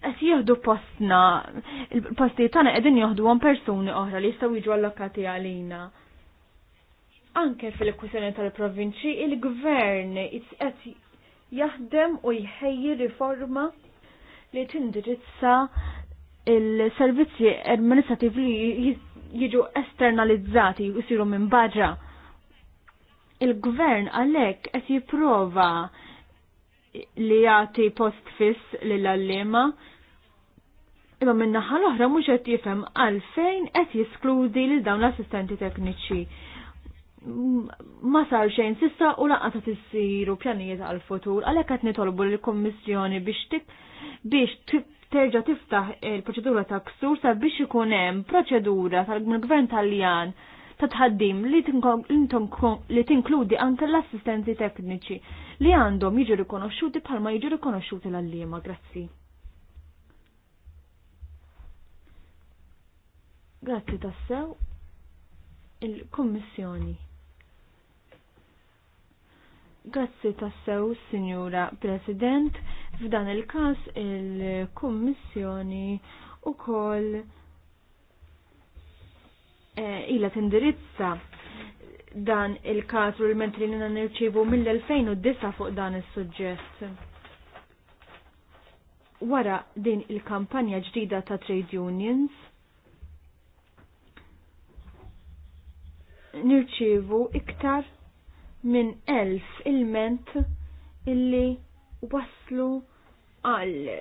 qed jieħdu postna, posti postijiet tagħna qegħdin joħduhom persuni oħra li jistgħu jiġu allokati għalina. Anke fil-kwistjoni tal-provinċi, il-gvern qed jaħdem u jħejji riforma li tindirizza il-servizzi amministrativi li jiġu esternalizzati u siru minn baġa. Il-gvern għalhekk qed jipprova li jagħti post fiss lill-allima. Imma min-naħa l-oħra mhux qed jifhem għalfejn qed jiskludi lil dawn l-assistenti tekniċi. Ma sar xejn sissa u laqgħa ta' tissiru pjanijiet għall-futur għalhekk qed nitolbu lill-Kummissjoni biex biex terġa' tiftaħ il-proċedura ta' ksur sabiex ikun hemm proċedura tal-Gvern Taljan ta' tħaddim li tinkludi anke l assistenti tekniċi li għandhom jiġu rikonoxxuti bħalma jiġu rikonoxxuti l-allima. Grazzi. Grazzi tassew il-Kommissjoni. Grazzi tassew, Signora President, f'dan il-kas il-Kommissjoni u koll eh, ila tindirizza dan il-kas u l-ment li nina nirċivu mill-2009 fuq dan il sugġest Wara din il-kampanja ġdida ta' trade unions, nirċivu iktar minn elf il-ment illi waslu għal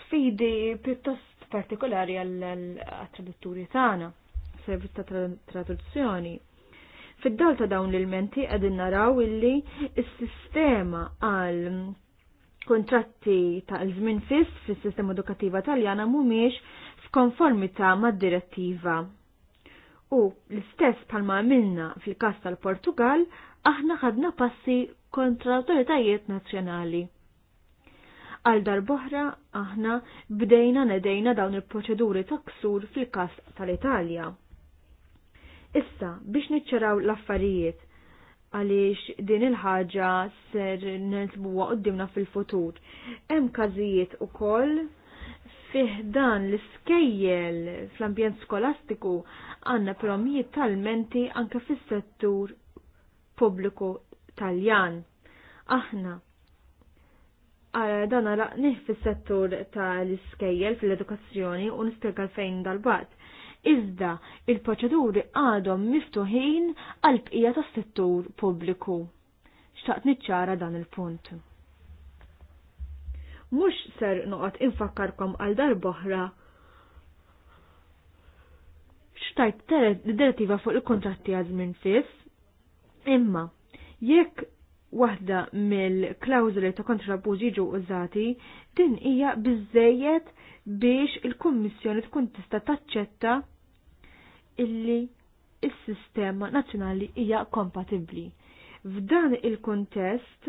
sfidi pjuttost partikolari għal tradutturi tagħna, servizz ta' traduzzjoni. Tra Fid-dal ta' dawn l-ilmenti qegħdin naraw illi s-sistema għal kontratti ta' żmien fiss fis-sistema edukattiva Taljana mhumiex f'konformità mad-direttiva. U l-istess palma għamilna fil-kas tal-Portugal, aħna ħadna passi kontra l autoritajiet nazzjonali. Għal darboħra aħna bdejna nedejna dawn il-proċeduri ta' ksur fil-kas tal-Italja. Issa, biex niċċaraw l-affarijiet, għaliex din il-ħaġa ser nitbuwa għoddimna fil-futur. Hemm każijiet ukoll fih dan l-iskejjel fl-ambjent skolastiku għandna promijiet tal-menti anke fis-settur pubbliku taljan. Aħna dan araqnih fis-settur tal-iskejjel fil-edukazzjoni u nispjega fejn dal-bat iżda il-proċeduri għadhom miftuħin għal bqija tas-settur pubbliku. Xtaqt niċċara dan il-punt. Mhux ser noqgħod infakkarkom għal darb'oħra xtajt direttiva fuq il-kontratti għal minn fis, imma jekk waħda mill-klawżoli ta' kontra abbuż jiġu użati, din hija biżejjed biex il-Kummissjoni tkun tista' taċċetta illi il-sistema nazzjonali hija kompatibbli. F'dan il-kontest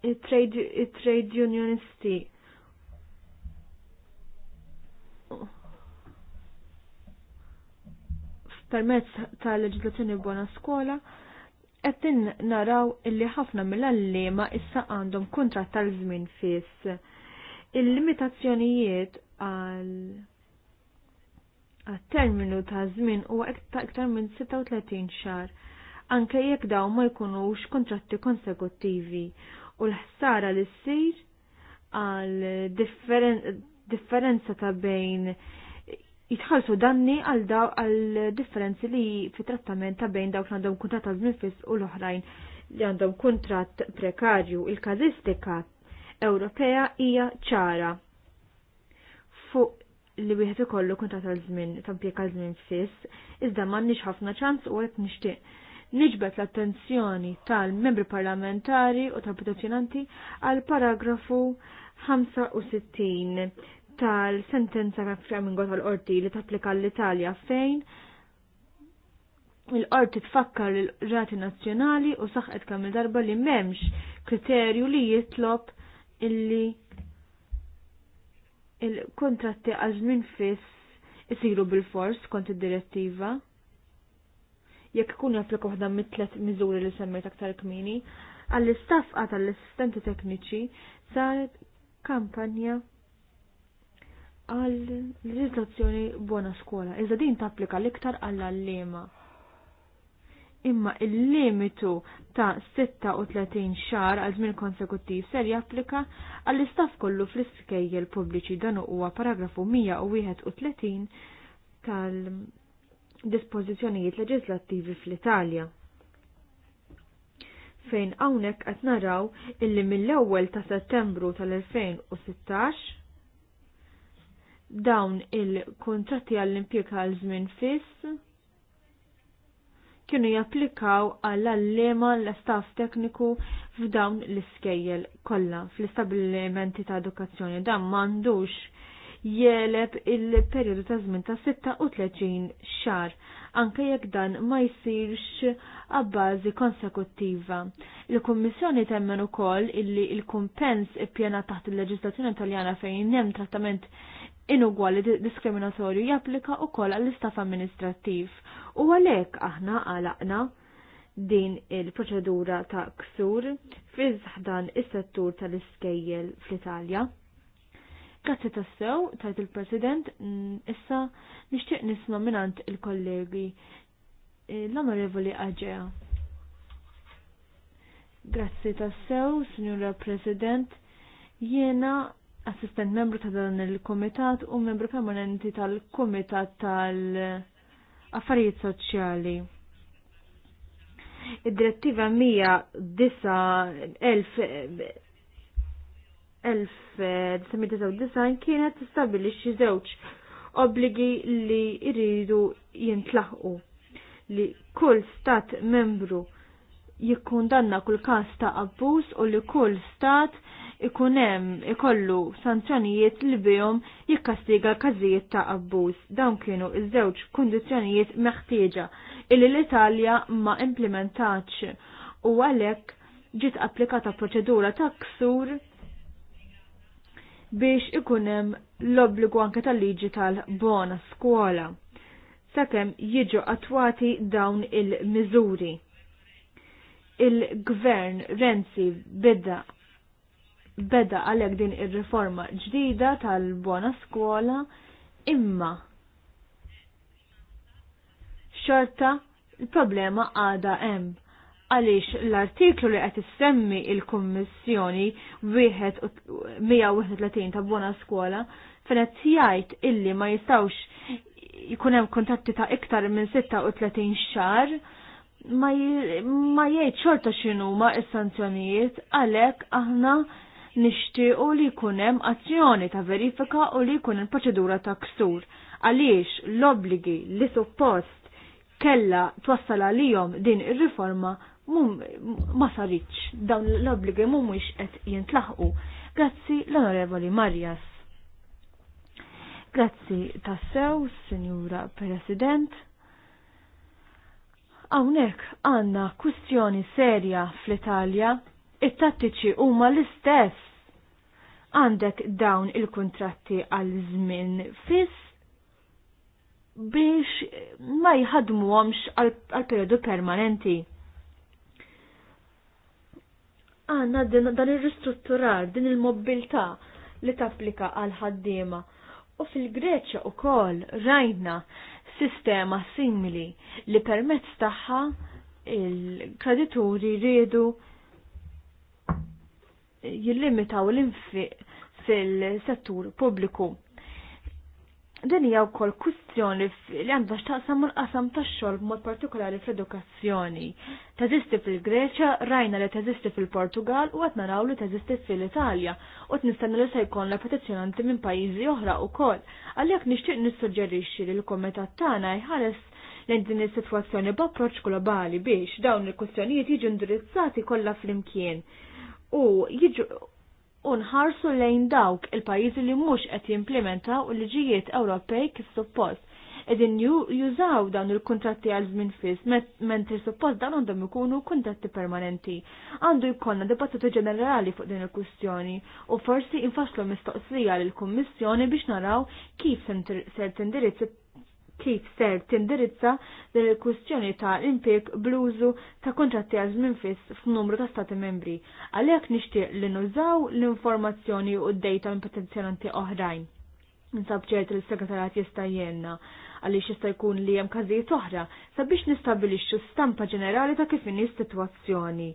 il-trade il unionisti permezz tal-leġislazzjoni buona skola Qegħdin naraw illi ħafna mill-allima issa għandhom kuntratt tal-żmien fiss. Il-limitazzjonijiet għal terminu ta' żmien huwa iktar minn 36 xahar anke jekk daw ma jkunux kontratti konsekuttivi u l-ħsara li ssir għal differenza ta' bejn jitħalsu danni għal daw għal differenzi li fi trattament ta' bejn dawk għandhom kuntrat għal żmien u l-oħrajn li għandhom kuntratt prekarju. Il-kazistika Ewropea hija ċara fuq li wieħed ikollu kuntrat għal żmien ta' impjeg għal żmien fiss, iżda m'għandniex ħafna ċans u qed nixtieq niġbet l-attenzjoni tal-membri parlamentari u tal-petizjonanti għal paragrafu 65 tal-sentenza f'Flamingo tal-qorti li tapplika l-Italja fejn il-qorti tfakkar l-rati nazzjonali u saħqet kemm darba li m'hemmx kriterju li jitlob illi il-kontratti għal żmien fiss isiru bil-fors kont id-direttiva. Jekk ikun japplika waħda mit-tlet miżuri li semmejt aktar kmini, għall-istafqa tal-assistenti tekniċi saret kampanja għal leġislazzjoni buona skola. Iżda din tapplika l-iktar għall lema Imma il-limitu ta' 36 xar għal żmien konsekuttiv ser japplika għall-istaff kollu fl-iskejjel pubbliċi dan huwa paragrafu 131 tal-dispożizzjonijiet leġislattivi fl-Italja fejn hawnhekk qed naraw illi mill-ewwel ta' Settembru tal-2016 dawn il-kontratti għall impjega għal żmien fiss kienu japplikaw għall allema l-staff tekniku f'dawn l-iskejjel kollha fl istabilimenti ta' edukazzjoni dan m'għandux jeleb il-perjodu ta' żmien ta' 36 xar anke jekk dan ma jsirx għabbażi konsekuttiva. Il-Kummissjoni temmen ukoll illi il-kumpens ippjena taħt il-leġislazzjoni Italjana fejn hemm trattament inugwali diskriminatorju japplika u koll għall-istaf amministrattiv u għalek aħna għalaqna din il-proċedura ta' ksur fi dan is-settur tal-iskejjel fl-Italja. Grazzi tassew, tajt il-President, issa nishtiq nisma minant il-kollegi eh, l-onorevoli Aġea. Grazzi tassew, Signora President, jena assistent membru ta' dan il-komitat u membru permanenti tal-komitat tal-affarijiet soċjali. Id-direttiva 1999 kienet tistabilixxi żewġ obbligi li jridu jintlaħqu li kull stat membru jikkundanna kull każ ta' abbuż u li kull stat ikun hemm ikollu sanzjonijiet li bihom jikkastiga każijiet ta' abbuż. Dawn kienu iż-żewġ kundizzjonijiet meħtieġa illi l-Italja ma implementax u għalhekk ġiet applikata proċedura ta' ksur biex ikun hemm l-obbligu anke tal-liġi tal-bona skola sakemm jiġu attwati dawn il-miżuri il-gvern Renzi bidda beda għalhekk din ir-riforma ġdida tal-bona skola imma xorta il-problema għada hemm għaliex l-artiklu li qed semmi il-Kummissjoni 131 ta' bona skola fejn qed jgħid illi ma jistgħux jkun hemm kuntatti ta' iktar minn 36 xahar ma jgħid xorta xinu ma s-sanzjonijiet għalhekk aħna nixtiequ li jkun hemm azzjoni ta' verifika u li jkun hemm proċedura ta' ksur. Għaliex l-obbligi li suppost kella twassal għalihom din ir-riforma ma saritx dawn l-obbligi mhumiex qed jintlaħqu. Grazzi l-Onorevoli Marjas. Grazzi tassew, Sinjura President. Hawnhekk għandna kwistjoni serja fl-Italja it-tattiċi huma l-istess. Għandek dawn il-kontratti għal żmien fiss biex ma jħadmuhomx għal periodu permanenti. Għanna dan ir-ristrutturar, din il-mobilità li tapplika għal ħaddiema. U fil-Greċja u kol rajna sistema simili li permezz tagħha il-kredituri rridu jillimitaw l-infiq fil-settur pubbliku. Din hija wkoll kwistjoni li għandha x'taqsam l-qasam tax-xogħol b'mod partikolari fl-edukazzjoni. Teżisti fil-Greċja, rajna li teżisti fil-Portugal u qed naraw li teżisti fil-Italja u tnistenna li se jkun repetizzjonanti minn pajjiżi oħra wkoll. Għalhekk nixtieq nissuġġerixxi li l-kumitat tagħna jħares lejn din is-sitwazzjoni b'approċċ globali biex dawn il-kwistjonijiet jiġu indirizzati kollha flimkien u jiġu unħarsu lejn dawk il-pajjiżi li mhux qed jimplementaw il-liġijiet Ewropej kif suppost. Edin jużaw dawn il-kuntratti għal żmien fis, mentri suppost dan għandhom ikunu kuntratti permanenti. Għandu jkollna dibattitu ġenerali fuq din il-kwistjoni u forsi infaxlu mistoqsija lill kummissjoni biex naraw kif ser tindirizzi kif ser tindirizza din il-kwistjoni ta' impjeg bluzu ta' kontratti għal żmien fiss f'numru ta' stati membri. Għalhekk nixtieq li nużaw l-informazzjoni u d-dejta minn potenzjalanti oħrajn. Nsab ċert li segretarat jista' jenna għaliex jista' jkun li hemm każijiet oħra sabiex nistabilixxu stampa ġenerali ta' kif inhi s-sitwazzjoni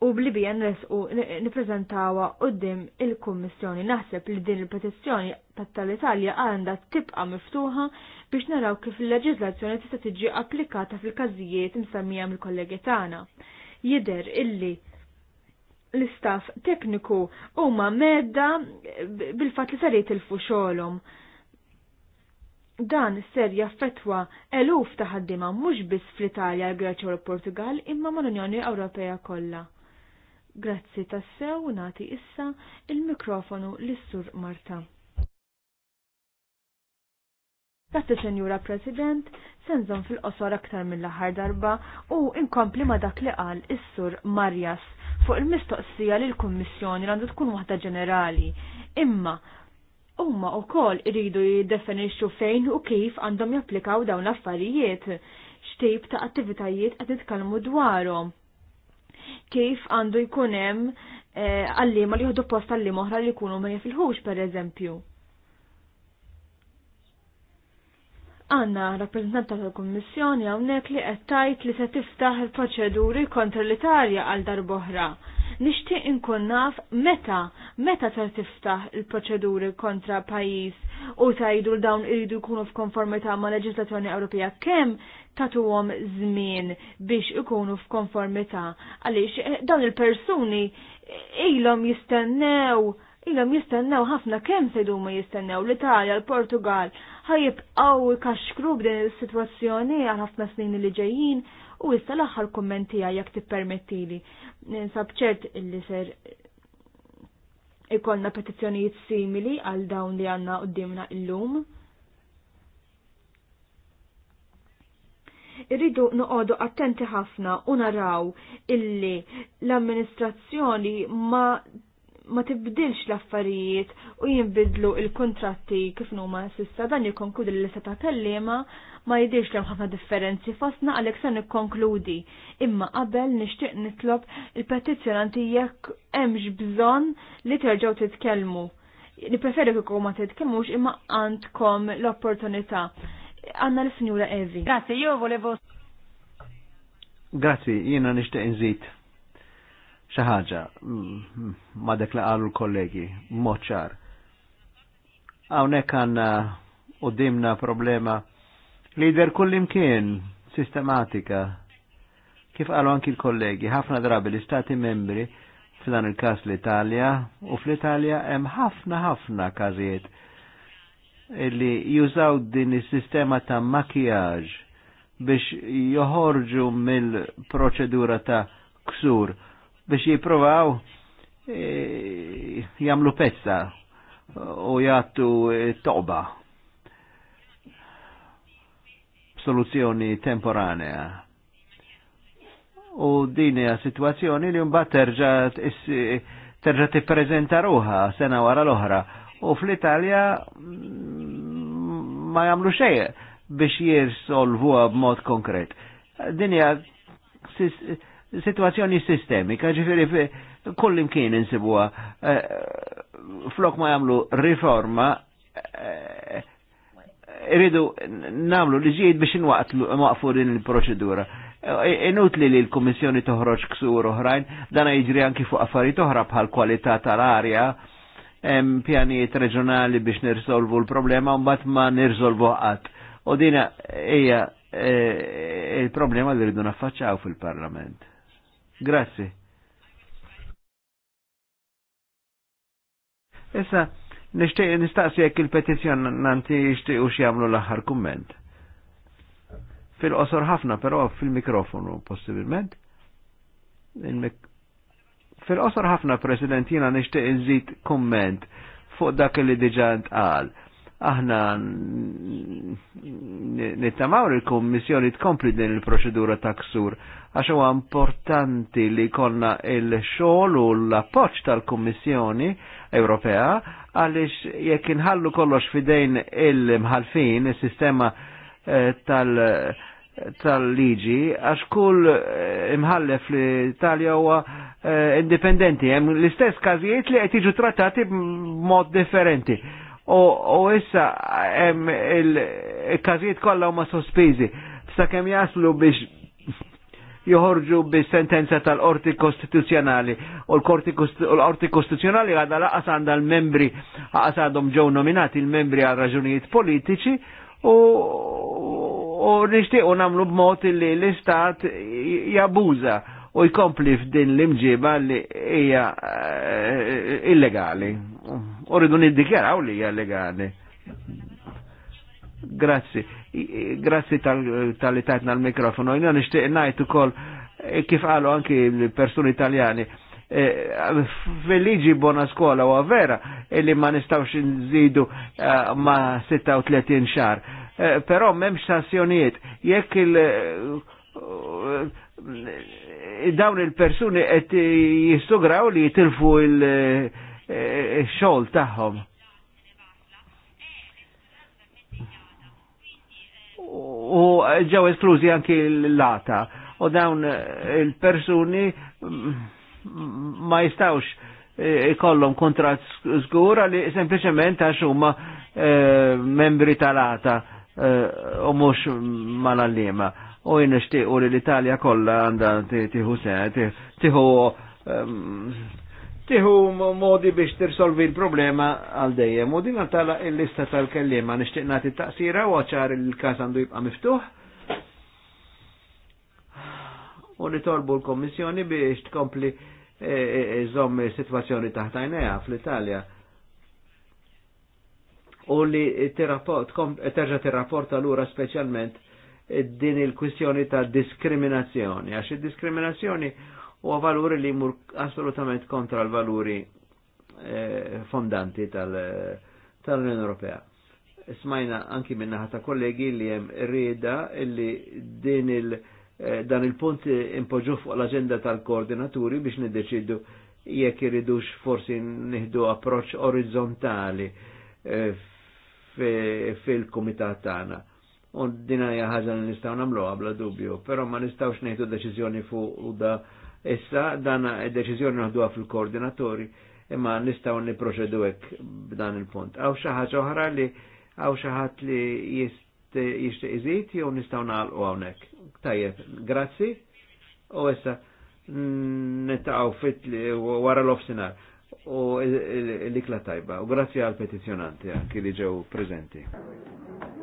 u b'Libija nresqu niprezentawa qoddim il-Kummissjoni. Naħseb li din il-petizzjoni tal-Italja għanda tibqa' miftuħa biex naraw kif il-leġiżlazzjoni tista' tiġi applikata fil-każijiet msemmija mill-kollegi tagħna. Jidher illi l-istaff tekniku huma medda bil-fatt li sarit il-fu xogħolhom. Dan ser jaffetwa eluf ta' ħaddiema mhux biss fl-Italja, l-Greċja u l-Portugal imma mal-Unjoni Ewropea kollha. Grazzi tassew nati issa il-mikrofonu l-Sur Marta. Grazzi Senjura President, senżon fil-qosor aktar mill-aħħar darba u inkompli ma dak li qal is-Sur Marjas fuq il-mistoqsija li l-Kummissjoni għandu tkun waħda ġenerali. Imma Umma u kol iridu jiddefinixxu fejn u kif għandhom japplikaw dawn l-affarijiet, xtejb ta' attivitajiet qed nitkellmu dwarhom kif għandu jkunem eh, għallim li jħdu post għallima oħra li jkunu ma jafilħux per eżempju. Għanna rappresentanta tal-Kommissjoni għawnek li għettajt li se tiftaħ il-proċeduri kontra l-Italja għal darboħra. oħra nixtieq inkun naf meta, meta ta' tiftaħ il-proċeduri kontra pajjiż u ta' l dawn iridu jkunu f'konformità ma' leġislazzjoni Ewropea kemm tuwom żmien biex ikunu f'konformità għaliex eh, dawn il-persuni eh, ilhom jistennew ilom jistennew ħafna kemm se jduma jistennew l-Italja, l-Portugal ħajibqgħu kaxkru b'din is-sitwazzjoni għal ħafna snin li ġejjin U issa l-aħħar għaj jekk tippermettili. Ninsab ċert illi ser ikollna petizzjonijiet simili għal dawn li għanna qoddimna illum. Irridu noqogħdu attenti ħafna u naraw illi l-amministrazzjoni ma ma tibdilx l-affarijiet u jinbidlu il-kontratti kif numa sissa dan jikonkludi li ta' kellima ma jidirx li ħafna differenzi fasna għalhekk se nikkonkludi. Imma qabel nixtieq nitlob il-petizzjonanti jekk hemmx bżonn li terġgħu titkellmu. Nipreferi kieku ma titkellmux imma għandkom l-opportunità. Għanna l-Sinjura Evi. Grazie, jo volevo. Grazie, jiena nixtieq nżid xi ħaġa ma dak li qalu l-kollegi, mod ċar. Hawnhekk għandna dimna problema Lider kullimkien, sistematika, kif għalu anki l-kollegi, ħafna drabi l-istati membri, f'dan il-kas l-Italja, u fl-Italja hemm ħafna ħafna każijiet illi jużaw din is-sistema ta' makijaġ biex joħorġu mill-proċedura ta' ksur biex jiprovaw eh, jamlu pezza u jattu e, soluzzjoni temporanea. U din hija sitwazzjoni li mbagħad terġa' terġa' tippreżenta ruha sena wara l-oħra. U fl-Italja mm, ma jagħmlu xejn biex jirsolvuha b'mod konkret. Din hija situazzjoni sistemika, ġifieri kull imkien insibuha eh, eh, flok ma jagħmlu riforma eh, irridu namlu li ġiet biex nwaqfu din il-proċedura. E, inutli li l komissjoni toħroġ ksur oħrajn, dana jiġri anki fuq affarijiet oħra bħal kwalità tal-arja, pjanijiet reġjonali biex nirsolvu l-problema u mbagħad ma nirsolvu qatt. U dina hija e, il-problema li rridu naffaċċaw fil-Parlament. Grazzi. Issa, Nishtiq nistaqsi jekk il-petizjonanti u x'jagħmlu l-aħħar kumment. Fil-qosor ħafna, però fil-mikrofonu possibilment. Fil-qosor ħafna, President, jiena nixtieq iżid kumment fuq dak li diġà ntqal. Aħna nittamaw il-Kommissjoni tkompli din il-proċedura ta' ksur għax huwa importanti li konna il-xogħol u l-appoġġ tal-Kummissjoni Ewropea għaliex jekk inħallu kollox fidejn il-mħalfin is-sistema eh, tal- tal-liġi għax kull eh, imħallef li Italja huwa eh, indipendenti, hemm l-istess każijiet li qed jiġu trattati b'mod differenti u issa il-każijiet kollha huma sospiżi sakemm jaslu biex joħorġu bis-sentenza tal-Qorti Kostituzzjonali u l-Qorti Kostituzzjonali għadha laqas għandha l-membri għas għadhom ġew nominati l-membri għal raġunijiet politiċi u u namlu b'mod li l-istat jabuża u jkompli f'din l-imġiba li hija eh, illegali. U rridu niddikjaraw li hija legali. Grazzi. Grazzi tal-li tajtna l-mikrofonu. Jina nishtiq najtu kol eh, kif għalu anki l-persuni italjani. Eh, Feliġi bona skola u vera illi ma nistawx nżidu ma 36 xar. Però memx sanzjonijiet. Jekk il- Eh, dawn il-persuni qed jistugraw li jitilfu il-xogħol eh, tagħhom. U ġew esklużi anki l-lata. U dawn il-persuni ma jistawx eh, ikollhom kontrat żgur li sempliċement għax huma membri tal-ata u mhux mal-allima u jinnishtiqu li l-Italja kollha għandha tiħu se, tiħu tiħu ehm, modi biex tirsolvi l-problema għal dejjem. U din tala il-lista tal-kellima nixtieq nagħti taqsira u għacħar il-każ għandu jibqa' miftuħ. U li tolbu l-Kommissjoni biex tkompli zommi e- e- e- is-sitwazzjoni fl-Italja. U li terġa' tirrapporta lura speċjalment din il-kwistjoni ta' diskriminazzjoni, għax il-diskriminazzjoni u valuri li mur assolutament kontra l-valuri eh, fondanti tal-Unjoni tal Ewropea. Smajna anki minnaħa ta' kollegi li jem rida li din il- eh, dan il-punt impoġu fuq l-agenda tal-koordinaturi biex niddeċidu jekk iridux forsi nihdu approċ orizzontali fil-komitat eh, fi tagħna u dina hija ħaġa li nistgħu nagħmluha bla dubju, però ma nistgħux ngħidu deċiżjoni fuq u da issa dan id-deċiżjoni naħduha fil-koordinatori imma nistgħu niproċedu hekk b'dan il-punt. Aw xi ħaġa oħra li aw xi ħadd li jixtieq iżid jew nistgħu nagħlqu hawnhekk. Tajjeb, grazzi. U issa nittaqgħu fit li wara l offsinar u l-ikla tajba. U grazzi għal petizjonanti anki li ġew prezenti.